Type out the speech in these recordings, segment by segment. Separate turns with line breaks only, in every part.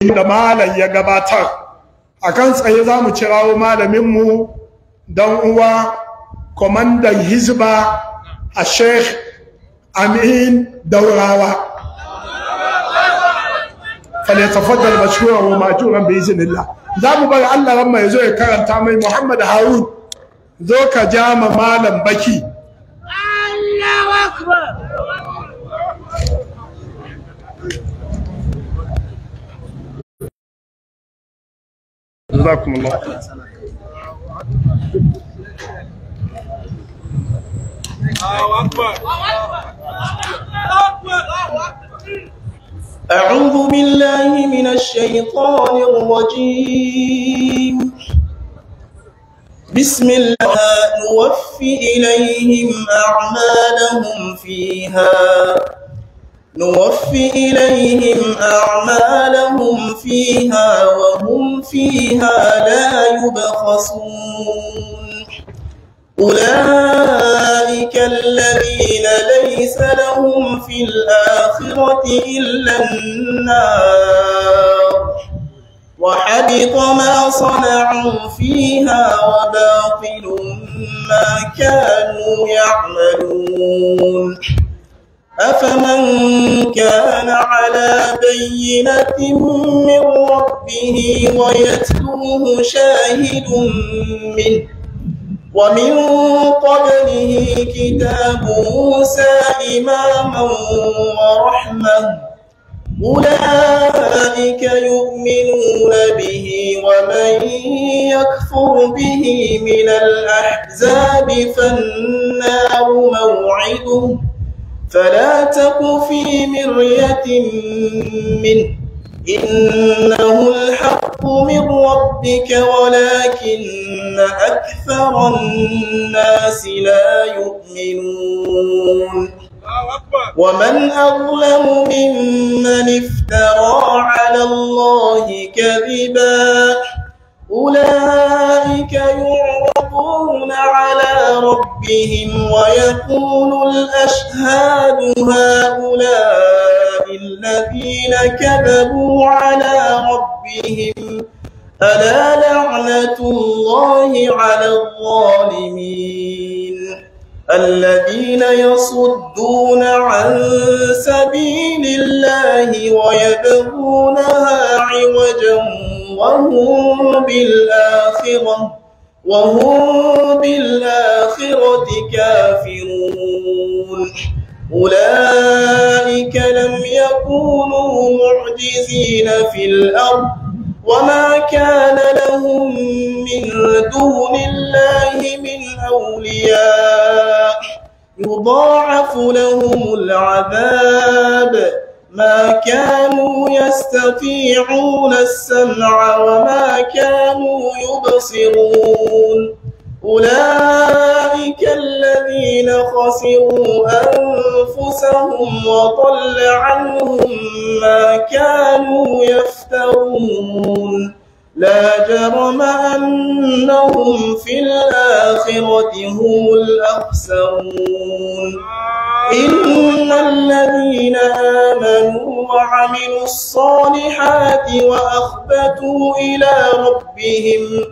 da malam ya gabatar akan tsaye za mu cirawo malaminmu don uwa kwamandan hizba a sheikh amin daurawa falitafaddal mashkuran wa majuran bi iznillah za mu bari Allah ramma ya zo ya karanta mai Muhammad Harun zo ka ja ma malam baki
Allahu akbar
جزاكم الله
أعوذ بالله من الشيطان الرجيم بسم الله نوفي إليهم أعمالهم فيها نوفي إليهم أعمالهم فيها وهم فيها لا يبخسون أولئك الذين ليس لهم في الآخرة إلا النار وحبط ما صنعوا فيها وباطل ما كانوا يعملون أفمن كان على بينة من ربه ويتلوه شاهد منه ومن قبله كتاب موسى إماما ورحمة أولئك يؤمنون به ومن يكفر به من الأحزاب فالنار موعده فلا تق في مرية منه إنه الحق من ربك ولكن أكثر الناس لا يؤمنون ومن أظلم ممن افترى على الله كذباً أولئك يعرضون على ربهم ويقول الأشهاد هؤلاء الذين كذبوا على ربهم ألا لعنة الله على الظالمين الذين يصدون عن سبيل الله ويبغونها عوجا وهم بالآخرة وهم بالآخرة كافرون أولئك لم يكونوا معجزين في الأرض وما كان لهم من دون الله من أولياء يضاعف لهم العذاب ما كانوا يستطيعون السمع وما كانوا يبصرون أولئك الذين خسروا أنفسهم وضل عنهم ما كانوا يفترون لا جرم أنهم في الآخرة هم الأخسرون إن الذين آمنوا وعملوا الصالحات وأخبتوا إلى ربهم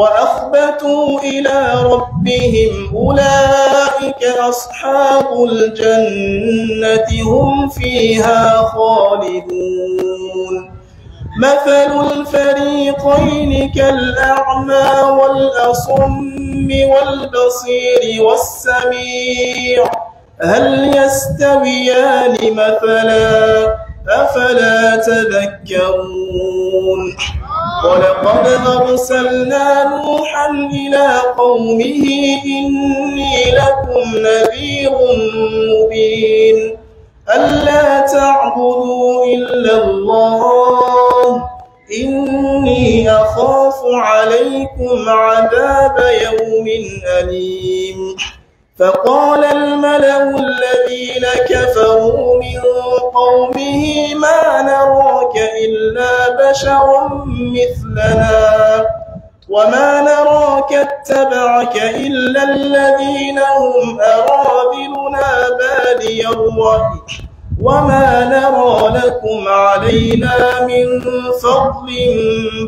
وأخبتوا إلى ربهم أولئك أصحاب الجنة هم فيها خالدون مثل الفريقين كالأعمى والأصم والبصير والسميع هل يستويان مثلا أفلا تذكرون ولقد أرسلنا نوحا إلى قومه إني لكم نذير مبين ألا تعبدوا إلا الله إني أخاف عليكم عذاب يوم أليم فقال الملأ الذين كفروا من قومه ما نراك إلا بشرا مثلنا وما نراك اتبعك إلا الذين هم أرابلنا بادي الرأي وما نرى لكم علينا من فضل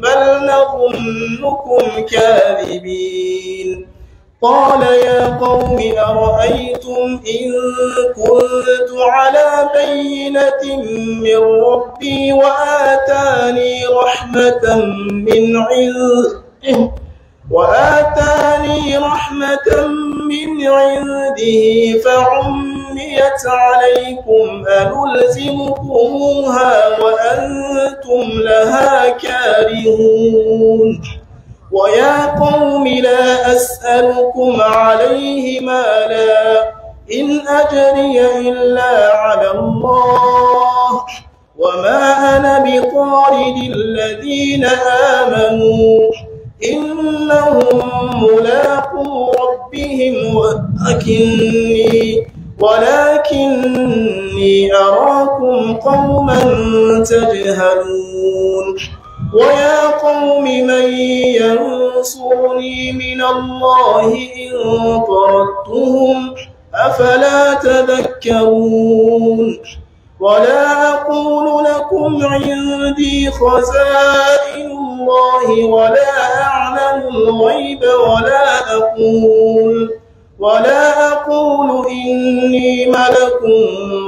بل نظنكم كاذبين قال يا قوم أرأيتم إن كنت على بينة من ربي وآتاني رحمة من عند وآتاني رحمة من عنده فعميت عليكم أنلزمكموها وأنتم لها كارهون ويا قوم لا أسألكم عليه مالا إن أجري إلا على الله وما أنا بطارد الذين آمنوا إنهم ملاقو ربهم ولكني ولكني أراكم قوما تجهلون ويا قوم من ينصرني من الله إن طردتهم أفلا تذكرون ولا أقول لكم عندي خزائن الله ولا أعلم الغيب ولا أقول ولا أقول إني ملك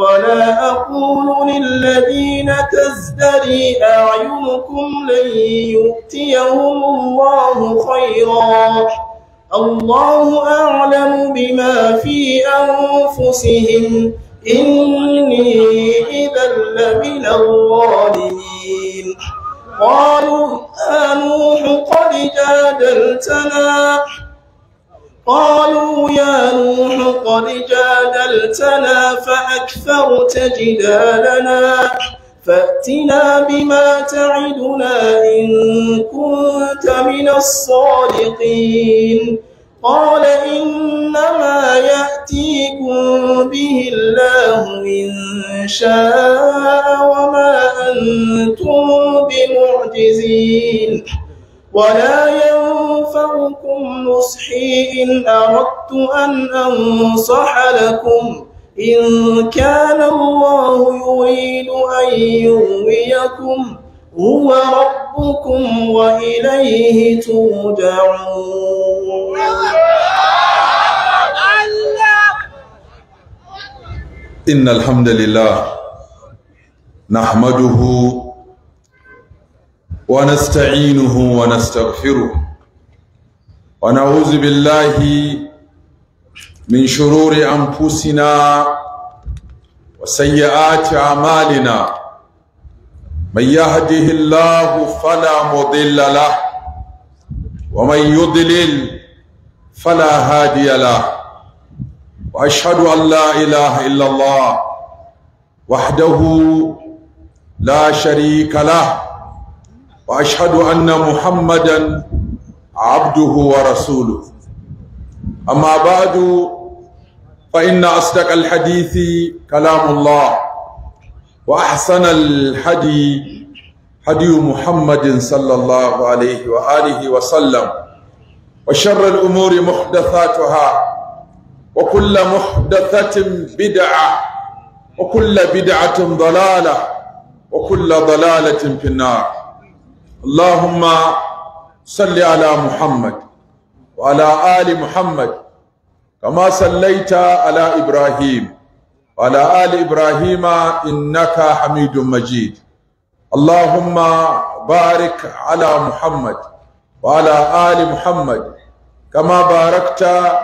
ولا أقول للذين تزدري أعينكم لن يؤتيهم الله خيرا الله أعلم بما في أنفسهم إني إذا لمن الظالمين قالوا يا نوح قد جادلتنا قالوا يا نوح قد جادلتنا فأكثرت جدالنا فأتنا بما تعدنا إن كنت من الصادقين قال إنما يأتيكم به الله إن شاء وما أنتم بمعجزين ولا ينفعكم نصحي إن أردت أن أنصح لكم إن كان الله يريد أن يغويكم هو ربكم وإليه ترجعون
إن الحمد لله نحمده ونستعينه ونستغفره ونعوذ بالله من شرور أنفسنا وسيئات أعمالنا من يهده الله فلا مضل له ومن يضلل فلا هادي له واشهد ان لا اله الا الله وحده لا شريك له واشهد ان محمدا عبده ورسوله اما بعد فان اصدق الحديث كلام الله واحسن الحدي هدي محمد صلى الله عليه واله وسلم وشر الأمور محدثاتها وكل محدثة بدعة وكل بدعة ضلالة وكل ضلالة في النار اللهم صل على محمد وعلى آل محمد كما صليت على إبراهيم وعلى آل إبراهيم إنك حميد مجيد اللهم بارك على محمد وعلى آل محمد Ka ma barakta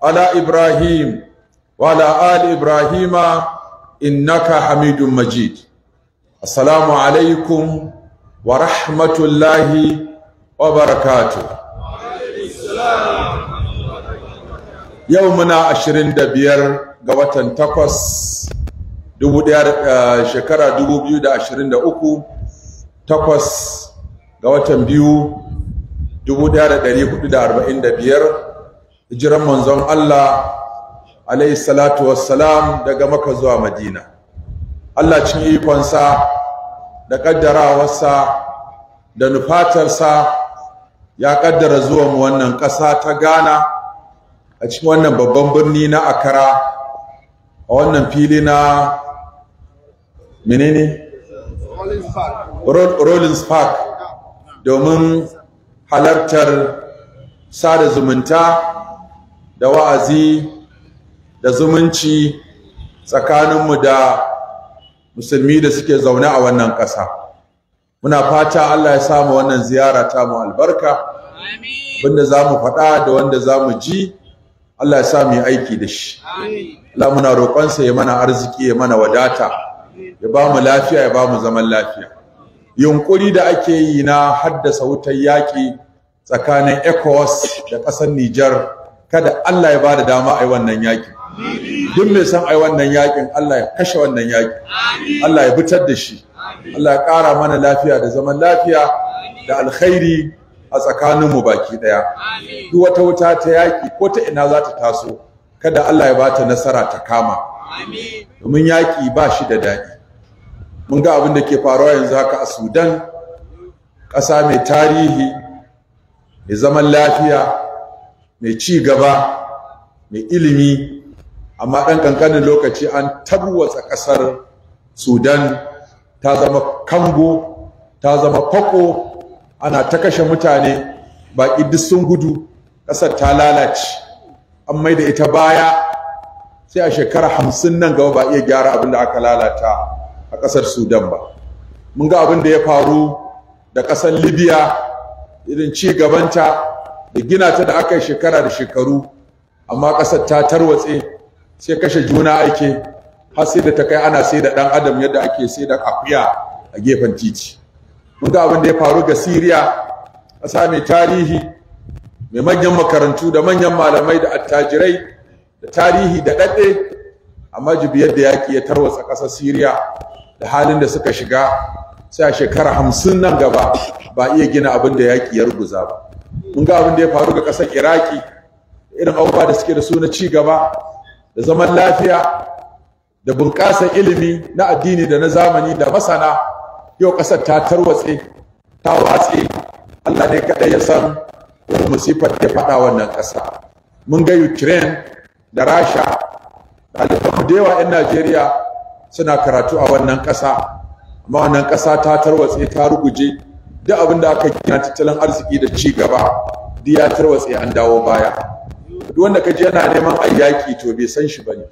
Al'a Ibrahim wa al'a'i Ibrahima in naka Hamidun Majid. As-salaamu alaikum wa rahmatullahi wa Yau muna ashirin da biyar ga watan takwas dubu ɗaya, shekara dubu biyu da ashirin da uku, takwas ga watan biyu. 1445 hijiran manzon Allah alayhi salatu wassalam daga maka zuwa madina Allah cin ikonsa da kaddarawarsa da nufatarsa ya kaddara zuwa mu wannan ƙasa ta gana a cikin wannan babban birni na akara, a wannan fili na menene Rollins Park domin halartar sada zumunta da wa'azi da zumunci tsakaninmu da musulmi da suke zaune a wannan ƙasa muna fata Allah ya samu wannan ziyara ta mu albarka abinda za mu faɗa da wanda za mu ji Allah ya sa mu yi aiki da shi muna roƙonsa ya mana arziki ya mana wadata ya ba mu lafiya ya ba mu zaman lafiya yunkuri da ake yi na haddasa wutar yaƙi tsakanin ECOWAS da ƙasar Nijar kada Allah ya bada dama a yi wannan yaƙi duk mai san a yi wannan yaƙin Allah ya kashe wannan yaƙi Allah ya bitar da shi Allah ya ƙara mana lafiya da zaman lafiya da alkhairi a tsakanin mu baki ɗaya duk wata wuta ta yaƙi ko ta ina za ta taso kada Allah ya bata nasara ta kama domin yaƙi ba shi da daɗi mun ga abin da ke faruwa yanzu haka a sudan ƙasa mai tarihi mai zaman lafiya mai ci gaba mai ilimi amma ɗan ƙanƙanin lokaci an tarwatsa ƙasar sudan ta zama kango ta zama fako ana ta kashe mutane baƙi duk sun gudu ƙasar ta lalace an mai da ita baya sai a shekara hamsin nan gaba ba iya gyara abin da aka lalata a ƙasar sudan ba mun ga abin da ya faru da ƙasar libya irin ci gabanta da gina ta da aka yi shekara da shekaru amma ƙasar ta tarwatse sai kashe juna ake har sai da ta kai ana sai da ɗan adam yadda ake sai da akuya a gefen titi mun ga abin da ya faru ga siriya ƙasa mai tarihi mai manyan makarantu da manyan malamai da attajirai da tarihi da ɗaɗe amma jibiyar da yaƙi ya tarwatsa ƙasar siriya da halin da suka shiga sai a shekara hamsin nan gaba ba iya gina abin da yaƙi ya ruguza ba mun ga abin da ya faru ga ƙasar iraki irin abubuwa da suke da su na ci gaba da zaman lafiya da bunƙasar ilimi na addini da na zamani da masana yau ƙasar ta tarwatse ta watse allah ne kaɗai ya san wani musifar da faɗa wannan ƙasa mun ga ukraine da rasha da alifan da yawa 'yan najeriya suna karatu a wannan ƙasa amma wannan ƙasa ta tarwatse ta ruguje duk abin da aka gina tattalin arziki da ci gaba duk ya tarwatse an dawo baya duk wanda kaji yana neman ayyaki to bai san shi bane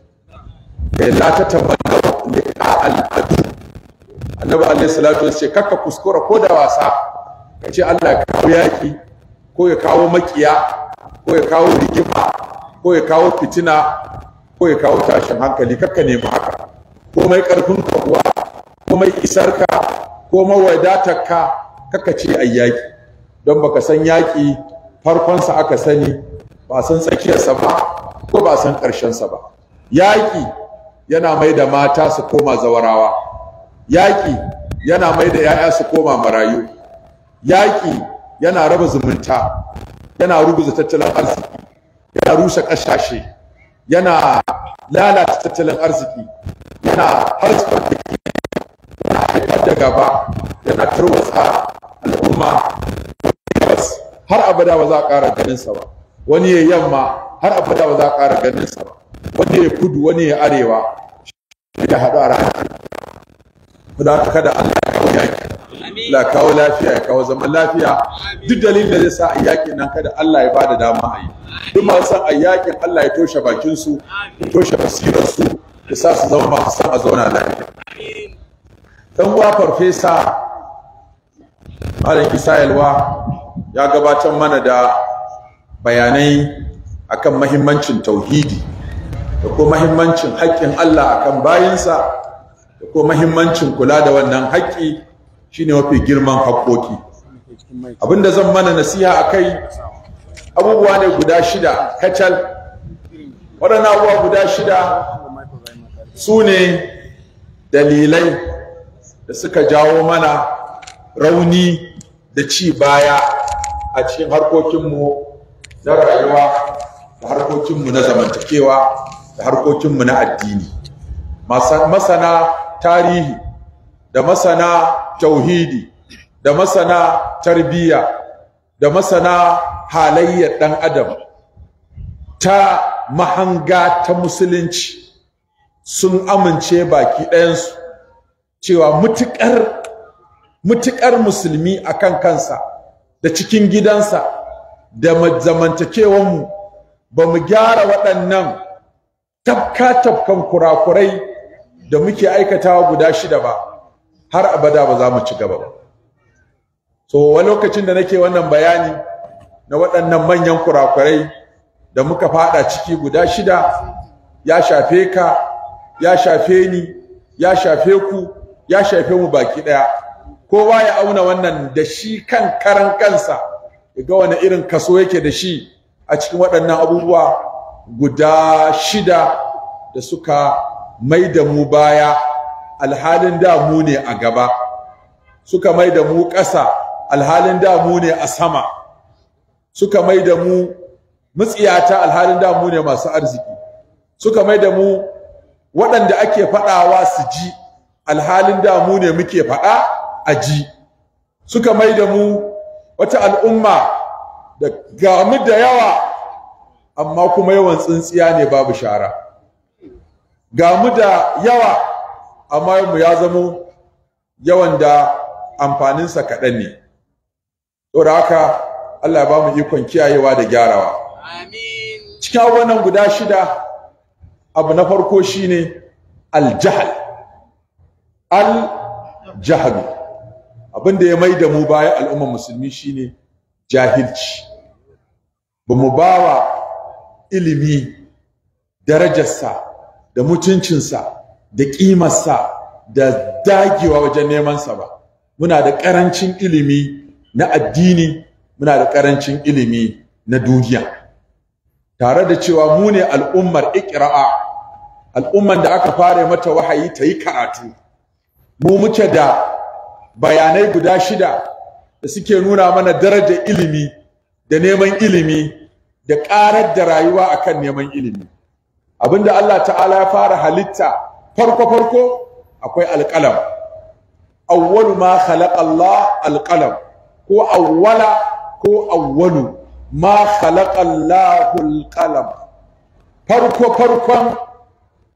kai la ta tabbata ne a al'adu. annabi alayhi salatu ce, kakka kuskura ko da wasa kace Allah ya kawo yaki ko ya kawo makiya ko ya kawo rigima ko ya kawo fitina ko ya kawo tashin hankali kakka nemi haka komai karfin ka kuwa komai isar ka komai wadatar ka kaka ce a yaƙi. don baka san yaƙi farkonsa aka sani ba san tsakiyarsa ba ko ba san ƙarshensa ba Yaƙi yana mai da mata su koma zawarawa Yaƙi yana mai da yaya su koma marayu Yaƙi yana raba zumunta yana rubuta tattalin arziki yana rushe ƙasashe yana lalata tattalin arziki yana harzar da ke yana haifar da gaba yana tarwatsa al'umma har abada ba za a ƙara ganinsa ba wani ya yamma har abada ba za a ƙara ganinsa ba wani ya kudu wani ya arewa shi ya haɗu a ranar da kada Allah ya kawo yaki la kawo lafiya ya kawo zaman lafiya duk dalilin da zai sa a yakin nan kada Allah ya bada dama a yi duk masu a yaƙin, Allah ya toshe bakin su ya toshe basirar su ya su zama masu san a zauna lafiya dan uwa farfesa malam isa yalwa ya gabatar mana da bayanai akan mahimmancin tauhidi da ko mahimmancin haƙƙin Allah akan bayinsa da ko mahimmancin kula da wannan haƙƙi shine mafi girman
haƙƙoƙi
da zan mana nasiha a kai, abubuwa ne guda shida kacal waɗannan abubuwa guda shida su ne dalilai da suka jawo mana rauni da ci baya a cikin harkokinmu na rayuwa da harkokinmu na zamantakewa da harkokinmu na addini masana tarihi da masana tauhidi da masana tarbiyya da masana halayyar ɗan adam ta mahanga ta musulunci sun amince baki ɗayansu cewa mutuƙar mutuƙar musulmi kan kansa da cikin gidansa da zamantakewanmu ba mu gyara waɗannan tafka-tafkan kurakurai da muke aikatawa guda shida ba har abada ba za mu ci gaba ba so wani lokacin da nake wannan bayani na waɗannan manyan kurakurai da muka fada ciki guda shida ya shafe ka ya shafe ni ya shafe ku ya shafe mu baki daya kowa ya auna wannan da shi kan karan kansa ga wani irin kaso yake da shi a cikin waɗannan abubuwa guda shida da suka mai da mu baya alhalin da mu ne a gaba suka mai da mu ƙasa alhalin da mu ne a sama suka mai da mu mutsiyata alhalin da mu ne masu arziki suka mai da mu waɗanda ake faɗawa su ji alhalin da mu ne muke faɗa a ji suka mai da mu wata al'umma da gamu da yawa amma kuma yawan tsintsiya ne babu shara gamu da yawa amma mu ya zamo yawan da amfaninsa kaɗan ne saboda haka Allah ya ba mu ikon kiyayewa da gyarawa cikin abubuwan guda shida abu na farko shine aljahal al-jahal abin da ya mai da mu baya al'ummar musulmi shine jahilci ba mu bawa ilimi darajarsa da mutuncinsa da ƙimarsa da dagewa wajen nemansa ba muna da ƙarancin ilimi na addini muna da ƙarancin ilimi na duniya tare da cewa mu ne al'ummar ikra'a al'umman da aka fara mata wahayi ta yi karatu mu muke da bayanai guda shida da suke nuna mana darajar ilimi da neman ilimi da ƙarar da rayuwa akan neman ilimi abinda Allah ta'ala ya fara halitta farko farko akwai alƙalam awwalu ma khalaqa Allah alƙalam ko awwala ko awwalu ma khalaqa Allahu farko farkon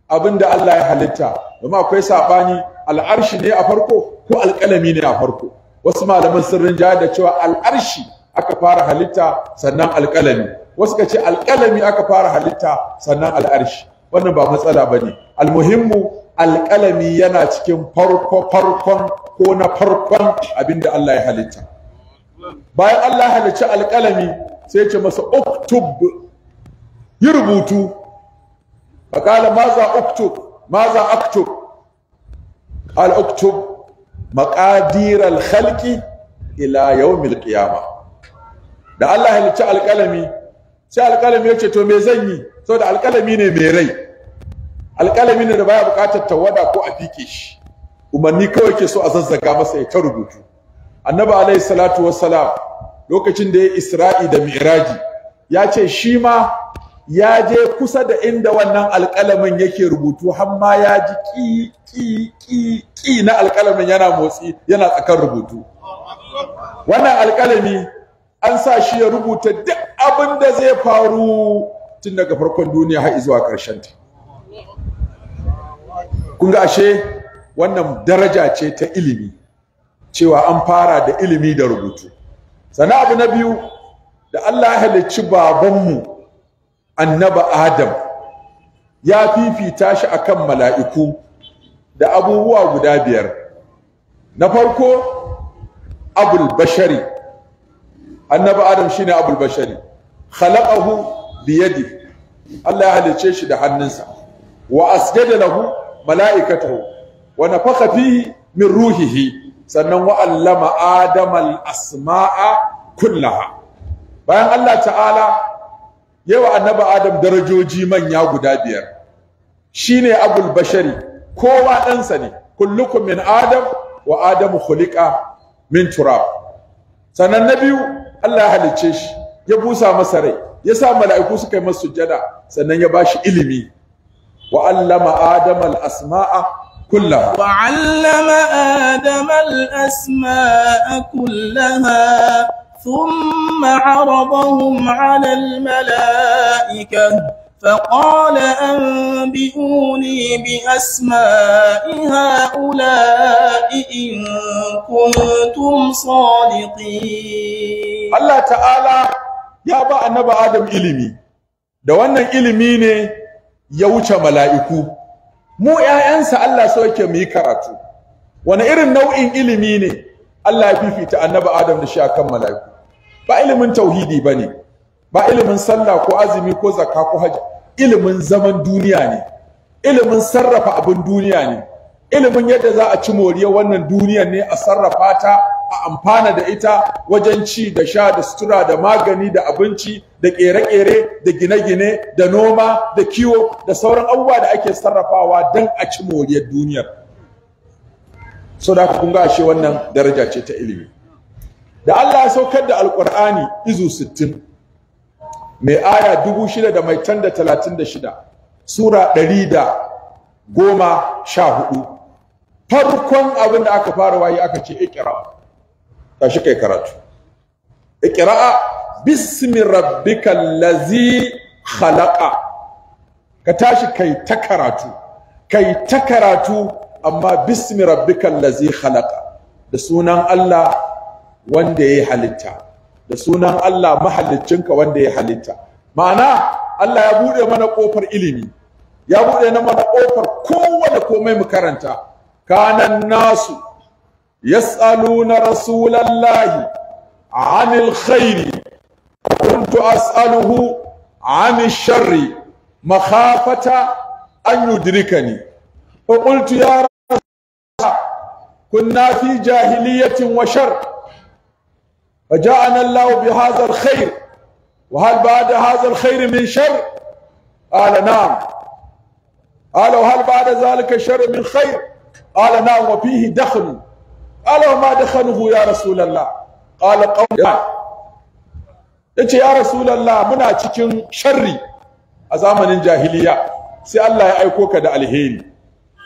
abin da Allah ya halitta domin akwai saɓani al'arshi ne a farko ko alƙalami ne a farko wasu malaman sun rinjaya da cewa al'arshi aka fara halitta sannan alƙalami wasu ka ce alƙalami aka fara halitta sannan al'arshi wannan ba matsala ba ne almuhimmu alƙalami yana cikin farko farkon ko na farkon abin da Allah ya halitta bayan Allah ya halicci alƙalami sai ya ce masa uktub yi rubutu فقال ماذا اكتب ماذا اكتب قال اكتب مقادير الخلق الى يوم القيامه da Allah halicci alƙalami sai alƙalami ya ce to me zan yi saboda alƙalami ne mai rai alƙalami ne da baya buƙatar tawada ko a fike shi umarni kawai ke so a zazzaga masa ya ta rubutu annabi alaihi salatu wassalam lokacin da ya isra'i da mi'raji ya ce shi ma ya je kusa da inda wannan alƙalamin yake rubutu har ma ya
ji
ƙi ƙi ƙi ƙi na alƙalamin yana motsi yana tsakar rubutu wannan alƙalami an sa shi ya rubuta duk abin da zai faru tun daga farkon duniya har zuwa ƙarshen ta kun ga ashe wannan daraja ce ta ilimi cewa an fara da ilimi da rubutu sana abu na biyu da Allah ya halicci babanmu annaba adam ya fifita shi akan mala'iku da abubuwa guda biyar na farko abul bashari annaba adam shine abul bashari khalaqahu biyadi Allah ya halice shi da hannunsa wa asjada lahu mala'ikatahu wa nafakha fihi min ruhihi sannan wa allama adama al asma'a kullaha bayan Allah ta'ala yawa annabi adam darajoji manya guda biyar shine abul bashari kowa ɗansa ne kullukum min adam wa adamu khuliqa min turab sannan na biyu Allah ya halicce shi ya busa masa rai ya sa mala'iku suka yi masa sujjada sannan ya bashi ilimi wa allama adama al-asma'a kullaha
wa allama adama al-asma'a kullaha ثم عرضهم على الملائكة فقال أنبئوني بأسماء هؤلاء إن كنتم
صادقين الله تعالى ya ba annabi Adam ilimi da wannan ilimi ne ya wuce mala'iku mu 'ya'yansa Allah so yake mu yi karatu wani irin nau'in ilimi ne Allah ya fifita annabi Adam da shi akan mala'iku ba ilimin tauhidi bane ba ilimin sallah ko azumi ko zakka ko haji ilimin zaman duniya ne ilimin sarrafa abin duniya ne ilimin yadda za a ci moriyar wannan duniyar ne a sarrafa ta a amfana da ita wajen ci da sha da sutura da magani da abinci da ƙere-ƙere da gine-gine da noma da kiwo da sauran abubuwa da ake sarrafawa don a ci moriyar duniyar so da kun ga ashe wannan daraja ce ta ilimi da Allah ya saukar da alqur'ani izu 60 mai aya 6,936 sura 114 farkon abin da aka fara wayi aka ce ta tashi kai karatu ikira bismi rabbikal lazi khalaqa ka tashi kai ta karatu kai ta karatu amma bismi rabbikal ladzi khalaqa da sunan Allah wanda ya halitta da sunan Allah mahallicinka wanda ya halitta ma'ana Allah ya bude mana kofar ilimi ya bude mana kofar kowanne komai mu karanta kanan nasu yas'aluna rasulallahi anil khairi kuntu as'aluhu anil sharri makhafata an yudrikani فقلت يا رسول الله كنا في جاهلية وشر فجاءنا الله بهذا الخير وهل بعد هذا الخير من شر قال نعم قال وهل بعد ذلك شر من خير قال نعم وفيه دخن قال وما دخنه يا رسول الله قال قوم yace ya rasulullah muna cikin sharri a zamanin jahiliya sai Allah ya aiko ka da alheri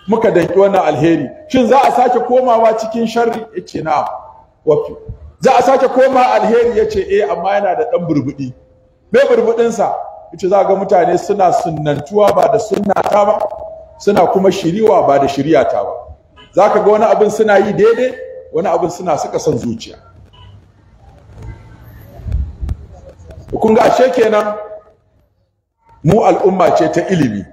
muka danki wannan alheri shin za a sake komawa cikin sharri yace na wafi za a sake koma alheri yace eh amma yana da dan burbudi me burbudin sa yace za ga mutane suna sunnantuwa ba da sunna ta ba suna kuma shiriwa ba da shiriyata ta ba zaka ga wani abin suna yi daidai wani abin suna suka son zuciya kun ga ashe kenan mu al'umma ce ta ilimi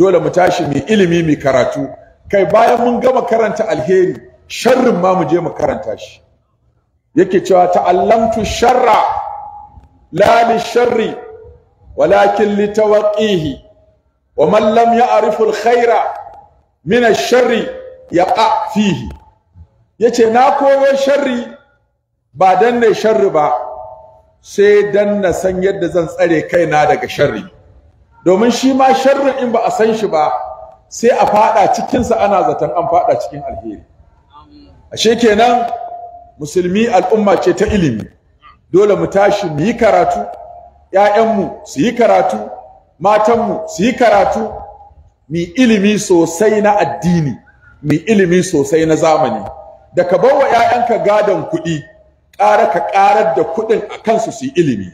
dole mu tashi mu ilimi mu karatu kai bayan mun gama karanta alheri sharrin ma mu je mu karanta shi yake cewa ta'allamtu sharra la li sharri walakin li tawqihi wa man lam ya'rif al khaira min ash sharri yaqa fihi yace na koyo sharri ba dan ne sharri ba sai dan na san yadda zan tsare kaina daga sharri domin shi ma sharrin in ba a san shi ba sai a fada cikinsa ana zaton an fada cikin alheri ashe kenan musulmi al'umma ce ta ilimi dole mu tashi mu yi karatu ‘ya'yanmu su yi karatu matanmu su yi karatu mu ilimi sosai na addini mu ilimi sosai na zamani da ka bawa ‘ya'yanka gadon kuɗi ƙara ka ƙarar da kuɗin a kansu su yi ilimi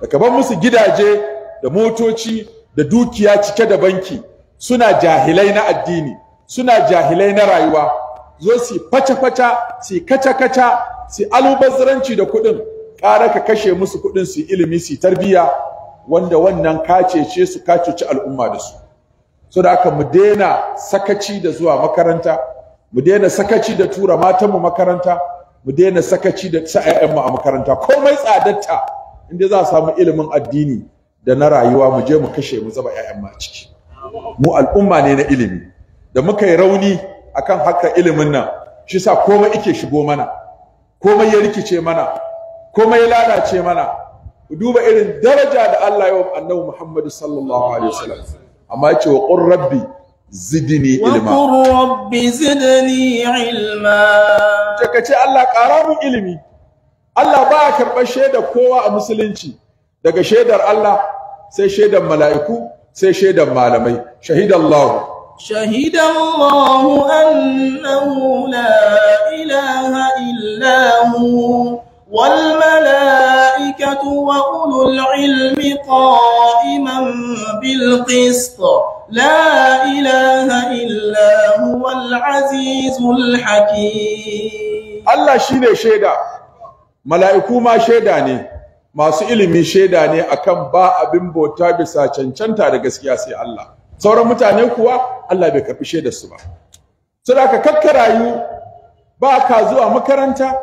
da ka bar musu gidaje da motoci da dukiya cike da banki suna jahilai na addini suna jahilai na rayuwa zo su faca-faca su kaca-kaca su alubazranci da kuɗin ƙara ka kashe musu kuɗin su ilimi su tarbiyya wanda wannan kacece su kacece al'umma da su so da aka mu daina sakaci da zuwa makaranta mu daina sakaci da tura matanmu makaranta mu daina sakaci da sa mu a makaranta komai tsadarta inda za a samu ilimin addini da na rayuwa mu je mu kashe mu zaba ƴaƴan ma ciki
mu al'umma ne
na ilimi da muka yi rauni akan haka ilimin nan shi sa komai ike shigo mana komai ya rikice mana komai ya lalace mana duba irin daraja da Allah ya wa annabi Muhammad sallallahu alaihi wasallam amma yace wa qur rabbi zidni ilma wa qur rabbi zidni ilma take ce Allah ƙara mu ilimi Allah ba ya karɓar shaidar kowa a musulunci daga shaidar Allah sai shaidar mala'iku sai shaidar malamai shahidallahu
شهد الله أنه لا إله إلا هو والملائكة وأولو العلم قائما بالقسط لا إله إلا هو العزيز الحكيم
الله شيء شهد ملائكو ما شهداني masu ilimi shaida ne akan ba abin bauta bisa cancanta da gaskiya sai Allah sauran mutane kuwa Allah bai karbi shaidar su ba saboda kakka rayu ba ka zuwa makaranta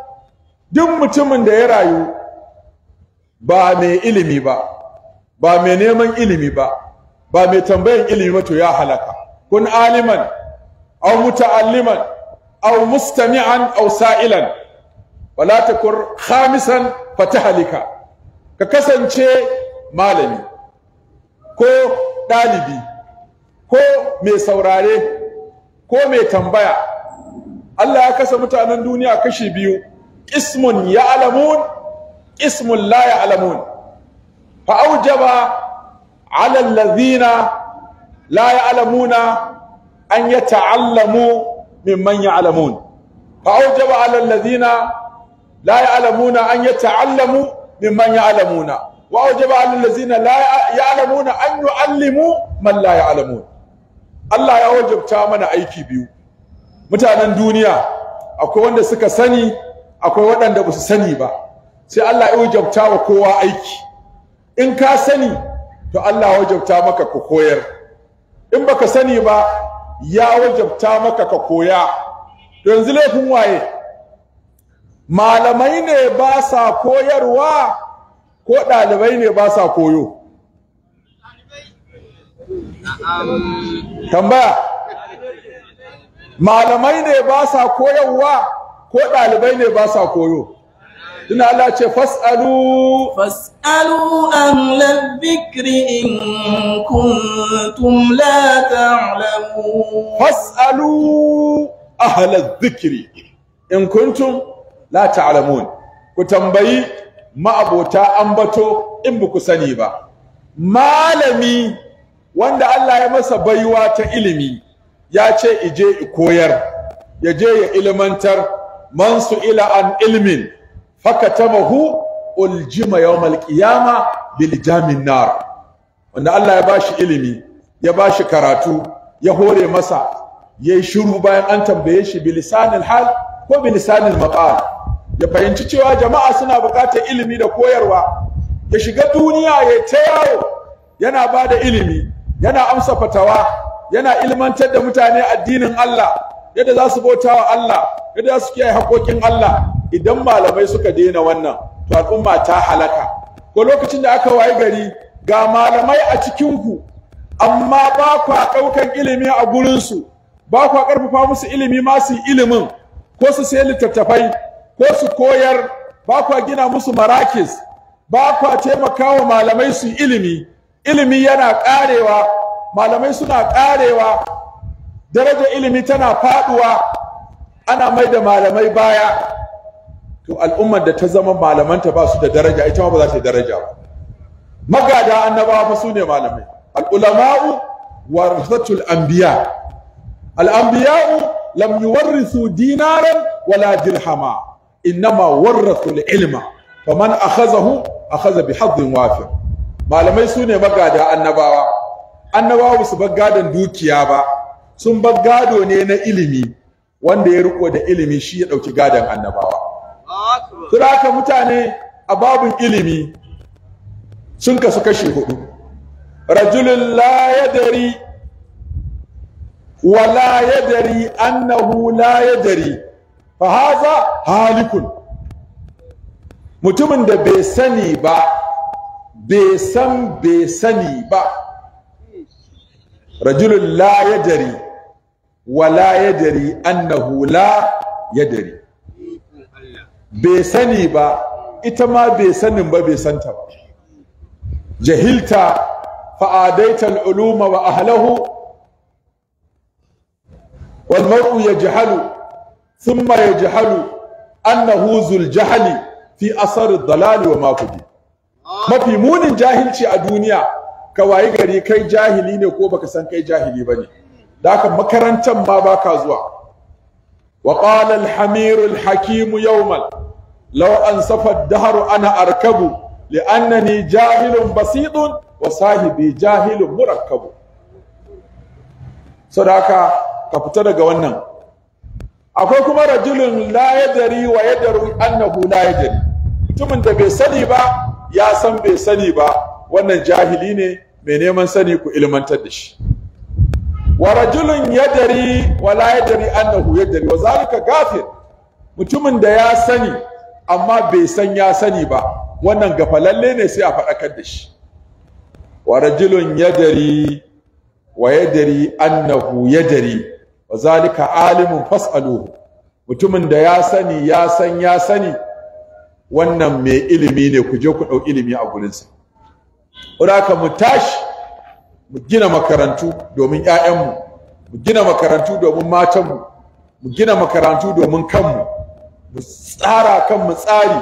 duk mutumin da ya rayu ba mai ilimi ba ba mai neman ilimi ba ba mai tambayan ilimi ba to ya halaka kun aliman aw muta'alliman aw mustami'an aw sa'ilan wala takur khamisan fatahalika ka kasance malami ko ɗalibi ko mai saurare ko mai tambaya Allah ya kasa mutanen duniya kashi biyu ismun ya alamun ismun la ya alamun fa'aujaba ala allazina la ya alamuna an ya ta'allamu mimman ya alamun fa'aujaba ala allazina la ya alamuna an ya ta'allamu mimman ya'lamuna wa wajaba 'alal ladzina la ya'lamuna an yu'allimu man la ya'lamun Allah ya wajabta mana aiki biyu mutanen duniya akwai wanda suka sani akwai waɗanda ba su sani ba sai Allah ya wajabta wa kowa aiki in ka sani to Allah ya wajabta maka ka koyar in baka sani ba ya wajabta maka ka koya to yanzu laifin waye malamai ne ba sa koyarwa ko ɗalibai ne ba sa koyo tambaya malamai ne ba sa koyarwa ko ɗalibai ne ba sa koyo Ina Allah ce fas'alu fas'alu ahlal dhikri
in kuntum la ta'lamu fas'alu
ahlal dhikri in kuntum la ta'lamun ku tambayi ma'abota ambato in ba sani ba malami wanda Allah ya masa baiwa ta ilimi ya ce ije koyar ya je ya ilmantar man ila an ilmin fakatamahu uljima yawmal qiyama bil jamin nar wanda Allah ya bashi ilimi ya bashi karatu ya hore masa yayi shiru bayan an tambaye shi bilisanil hal ko bilisanil maqal ya fahimci cewa jama'a suna buƙatar ilimi da koyarwa ya shiga duniya ya ta yawo yana ba da ilimi yana amsa fatawa yana ilmantar da mutane addinin Allah yadda za su bauta wa Allah yadda za su kiyaye haƙoƙin Allah idan malamai suka daina wannan to al'umma ta halaka ko lokacin da aka waye gari ga malamai a cikin ku amma ba kwa ɗaukan ilimi a gurinsu ba kwa ƙarfafa musu ilimi ma su ilimin ko su sai littattafai ko su koyar ba kwa gina musu marakis ba kwa taimakawa malamai su ilimi ilimi yana karewa malamai suna karewa daraja ilimi tana faduwa ana mai da malamai baya to al'ummar da ta zama malamanta ba su da daraja ita ma ba za ta daraja ba magada annabawa fa su ne malamai al'ulama'u ambiya. anbiya al'anbiya'u lam yuwarrisu dinaran wala dirhama innama warrathul ilma faman akhazahu akhaza bi hadhin wafir malamai sune magada annabawa annabawa su bar dukiya ba sun bagado ne na ilimi wanda ya riko da ilimi shi ya dauki gadon annabawa Turaka mutane a babin ilimi sun kasu kashi hudu rajulun la yadari wa la yadari annahu la yadari fa halikun mutumin da bai sani ba bai san bai sani ba rajulun la dari, wa la dari, annahu la dari. bai sani ba ita ma bai sanin ba bai santa ba jahilta fa'adaita al'uluma wa ahlahu wal mar'u yajhalu ثم يجهل انه ذو الجهل fi اثر الضلال وما كدي ما في مون جاهلتي a duniya ka waye gari kai jahili ne ko baka san kai jahili bane da haka makarantar ma baka zuwa wa qala al hamir al hakim yawmal law ana arkabu li annani jahilun basitun wa sahibi jahilun murakkabu sadaka ka fita daga wannan akwai kuma rajulun la yadari wa yadaru annahu la yadari mutumin da bai sani ba ya san bai sani ba wannan jahili ne mai neman sani ku ilmantar da shi wa rajulun yadari wa la yadari annahu yadari wa zalika gafir mutumin da ya sani amma bai san ya sani ba wannan gafalalle ne sai a faɗakar da shi wa rajulun yadari wa yadari annahu yadari Wazalika, zalika alimun fasaluhu mutumin da ya sani ya san ya sani wannan mai ilimi ne ku je ku ɗau ilimi a gurinsa uraka mu tashi mu gina makarantu domin ƴaƴanmu mu gina makarantu domin matanmu mu gina makarantu domin kanmu mu tsara kanmu tsari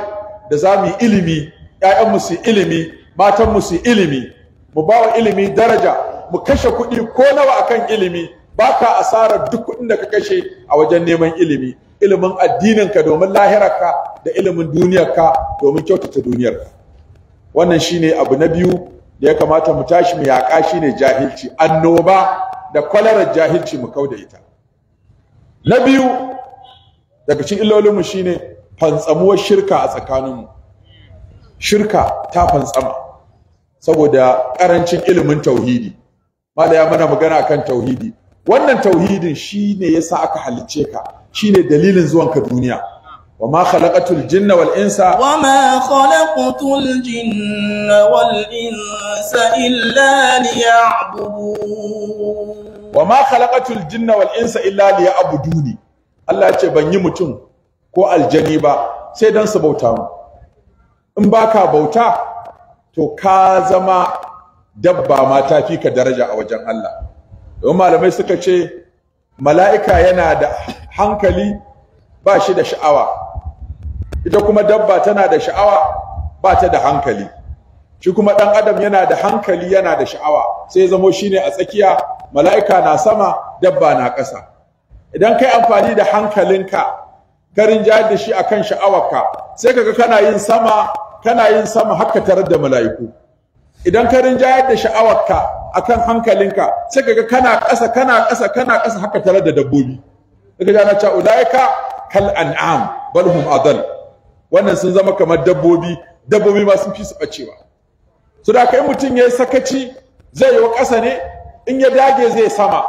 da za mu yi ilimi ƴaƴanmu su ilimi matanmu su ilimi mu ba wa ilimi daraja mu kashe kuɗi ko nawa akan ilimi baka asarar duk kuɗin da ka kashe a wajen neman ilimi ilimin addininka domin lahirarka da ilimin duniyarka domin kyautata duniyarka wannan shine abu na biyu da ya kamata mu tashi mu yaƙa shine jahilci annoba da kwalarar jahilci mu kau da ita na biyu daga cikin illolinmu shine fantsamuwar shirka a tsakaninmu shirka ta fantsama saboda ƙarancin ilimin tauhidi malaya mana magana kan tauhidi wannan tauhidin shine yasa aka halicce ka shine dalilin zuwanka duniya wa ma khalaqatul jinna wal insa wa ma khalaqatul jinna wal
insa
illa liya'budun wa ma khalaqatul jinna wal insa illa liya'buduni Allah ya ce ban yi mutum ko aljani ba sai dan su bauta mu in baka bauta to ka zama dabba ma ta fi ka daraja a wajen Allah don malamai suka ce mala'ika yana da hankali ba shi da sha'awa ita kuma dabba tana da sha'awa ba ta da hankali shi kuma ɗan adam yana da hankali yana da sha'awa sai ya zamo ne a tsakiya mala'ika na sama dabba na ƙasa idan kai amfani da hankalinka karin jayar da shi akan sha'awarka sai kaga kana yin sama kana yin sama haka tarar da mala'iku idan ka rinjayar da sha'awarka akan hankalinka sai kaga kana ƙasa kana ƙasa kana ƙasa haka tare da dabbobi daga jana cha ulaika kal an'am bal hum adal wannan sun zama kamar dabbobi dabbobi ma sun fi su bacewa so da kai mutum yayi sakaci zai yi ƙasa ne in ya dage zai sama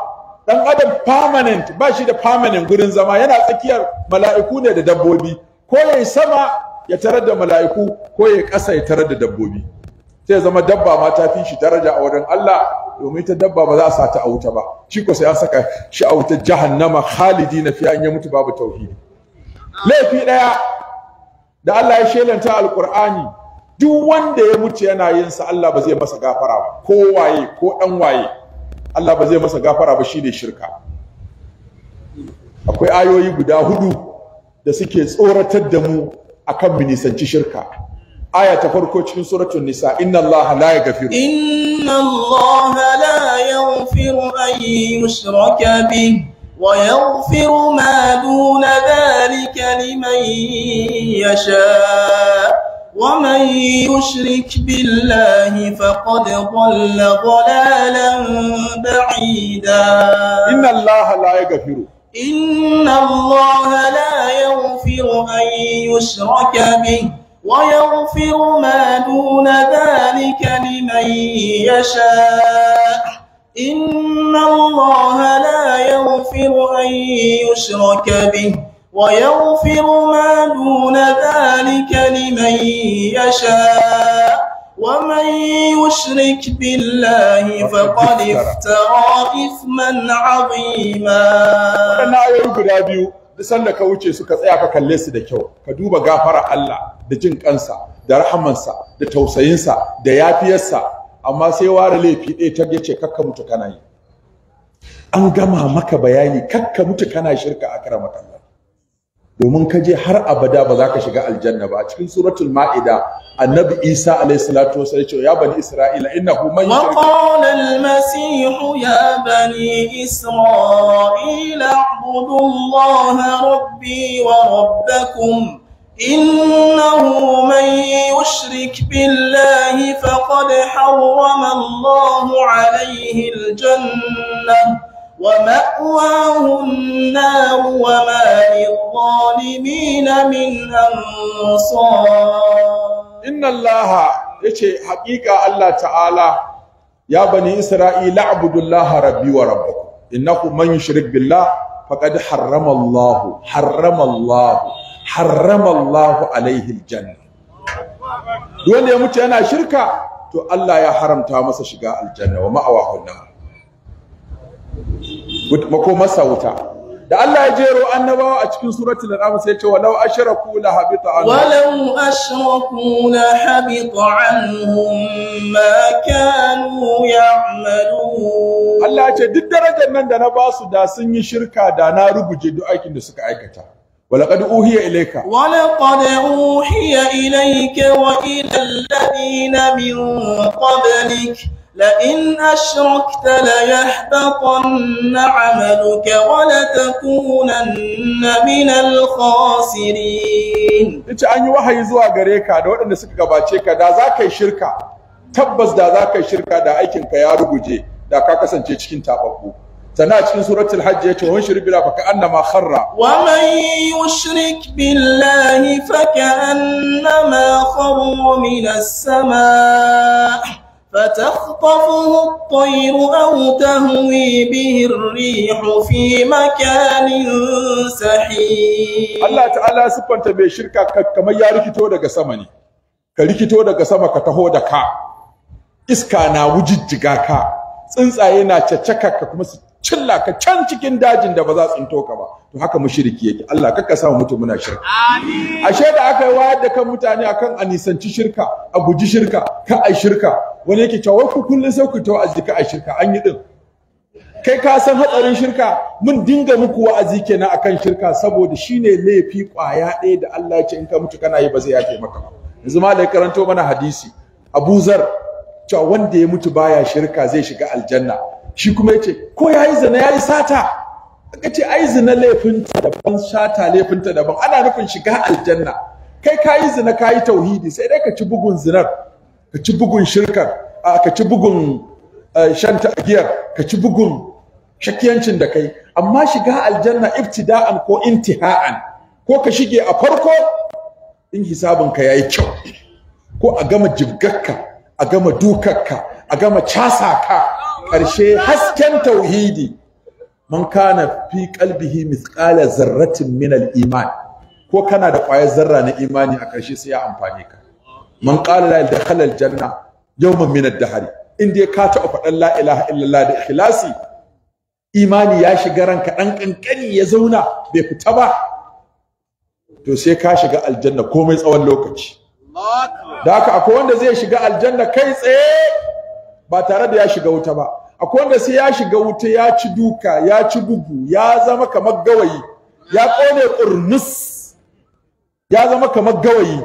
dan adam permanent ba shi da permanent gurin zama yana tsakiyar mala'iku ne da dabbobi ko yayi sama ya tarar da mala'iku ko yayi ƙasa ya tarar da dabbobi sai zama dabba ma ta fi shi daraja a wajen Allah domin ta dabba ba za a sata a wuta ba shi ko sai an saka shi a wutar jahannama khalidi na fiya an ya mutu babu tauhidi laifi daya da Allah ya shelanta alqur'ani duk wanda ya mutu yana yin sa Allah ba zai masa gafara ba ko waye ko dan waye Allah ba zai masa gafara ba shi ne shirka akwai ayoyi guda hudu da suke tsoratar da mu akan mu nisanci shirka آية فرقوش من سورة النساء إن الله لا يغفر إن
الله لا يغفر أن
يشرك به
ويغفر ما دون ذلك لمن يشاء ومن يشرك بالله فقد ضل ضلالا بعيدا إن الله لا يغفر إن الله لا يغفر أن يشرك به ويغفر ما دون ذلك لمن يشاء إن الله لا يغفر أن يشرك به ويغفر ما دون ذلك لمن يشاء ومن يشرك بالله فقد افترى إثما عظيما
duk sanda ka wuce suka tsaya ka kalle su da kyau ka duba gafara Allah da jin kansa da rahamansa da tausayinsa da yafiyarsa amma sai ware laifi ɗaya ta yace kakka mutu kana yi an gama maka bayani kakka mutu kana shirka a Allah. domin ka je har abada ba za ka shiga aljanna ba cikin suratul ma'ida annabi isa alayhi salatu wasallam ya ce ya bani isra'ila innahu man wa qala
al masih ya bani isra'ila ibudu allaha rabbi wa rabbakum إنه من يشرك بالله فقد حرم الله عليه الجنة ومأواهم النار
وما للظالمين من أنصار إن الله يشي حقيقة الله تعالى يا بني إسرائيل اعبدوا الله ربي وربكم إنه من يشرك بالله فقد حرم الله حرم الله حرم الله عليه الجنة دون يموت أنا شركة تو الله يا حرمتها مسا شقاء الجنة ومأواهم النار makomarsa wuta da Allah ya jero annabawa a cikin suratul an'am sai ya ce walau ashraku la habita anhum walau
ashraku la habita anhum ma kanu
ya'malun Allah ya ce duk darajar nan da na ba su da sun yi shirka da na rubuje duk aikin da suka aikata ولقد أوحي إليك
ولقد أوحي إليك وإلى الذين من قبلك لئن أشركت ليحبطن عملك ولتكونن
من الخاسرين ita an yi wahayi zuwa gare ka da waɗanda suka gabace ka da za ka yi shirka tabbas da za ka yi shirka da aikinka ya ruguje da ka kasance cikin tababbu sannan a cikin suratul hajj ya ce wani shirk billah faka annama kharra
wa man yushrik billahi faka annama kharra min sama فتخطفه الطير أو تهوي به الريح في مكان
سحيق الله تعالى سبحانه bai shirka kamar ya rikito daga sama ne ka rikito daga sama ka taho da ka iska na wujijjiga ka tsuntsaye na caccaka ka kuma su cilla ka can cikin dajin da ba za tsinto ka ba to haka mushriki yake Allah kaka sa mutum muna shirka ashe da aka yi wayar da kan mutane akan a nisanci shirka a guji shirka ka ai shirka wani yake cewa ku kullun sai ku tawa azika ai shirka an yi din kai ka san hatsarin shirka mun dinga muku wa'azi kenan akan shirka saboda shine laifi kwaya ɗaya da Allah ya ce in ka mutu kana yi ba zai yafe maka ba yanzu malai karanto mana hadisi Abu Zar cewa wanda ya mutu baya shirka zai shiga aljanna shi kuma ya ce ko ya yi zina ya yi sata aka ce ai zina laifinta daban sata laifinta daban ana nufin shiga aljanna kai ka yi zina ka yi tauhidi sai dai ka ci bugun zinar ka ci bugun shirkar ka ci bugun shan ta'giyar ka ci bugun shakiyancin da kai amma shiga aljanna ibtida'an ko intiha'an ko ka shige a farko in hisabin ka yayi kyau ko a gama jibgakka a gama dukakka a gama casaka. ka ƙarshe hasken tauhidi man kana fi qalbihi mithqala zarratin min al-iman ko kana da ƙwayar zarra na imani a ƙarshe sai ya amfane ka man qala la da al-janna yawman min ad-dahr in dai ka taɓa faɗan la ilaha illallah da ikhlasi imani ya shiga ranka ɗan ƙanƙani ya zauna bai fita ba to sai ka shiga aljanna komai tsawon lokaci da haka akwai wanda zai shiga aljanna kai tsaye ba tare da ya shiga wuta ba akwai wanda sai ya shiga wuta ya ci duka ya ci bugu ya zama kamar gawayi ya kone ƙurnus ya zama kamar gawayi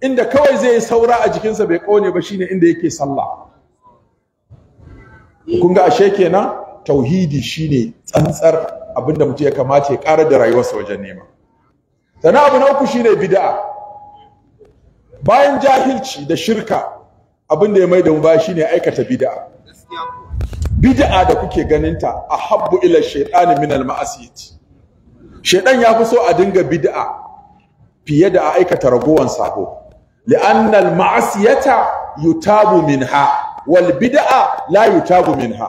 inda kawai zai yi saura a jikinsa bai kone ba shine inda yake sallah kun ga ashe kenan tauhidi shine tsantsar abinda mutum ya kamata ya ƙara da rayuwarsa wajen nema sannan abu na uku shine bid'a bayan jahilci da shirka abin da ya mai da mu shi ne aikata bid'a bid'a da kuke ganinta a habbu ila shaytani min al ma'asiyat shaytan ya fi so a dinga bid'a fiye da a aikata ragowan sabo li'anna al ma'asiyata yutabu minha wal bid'a la yutabu minha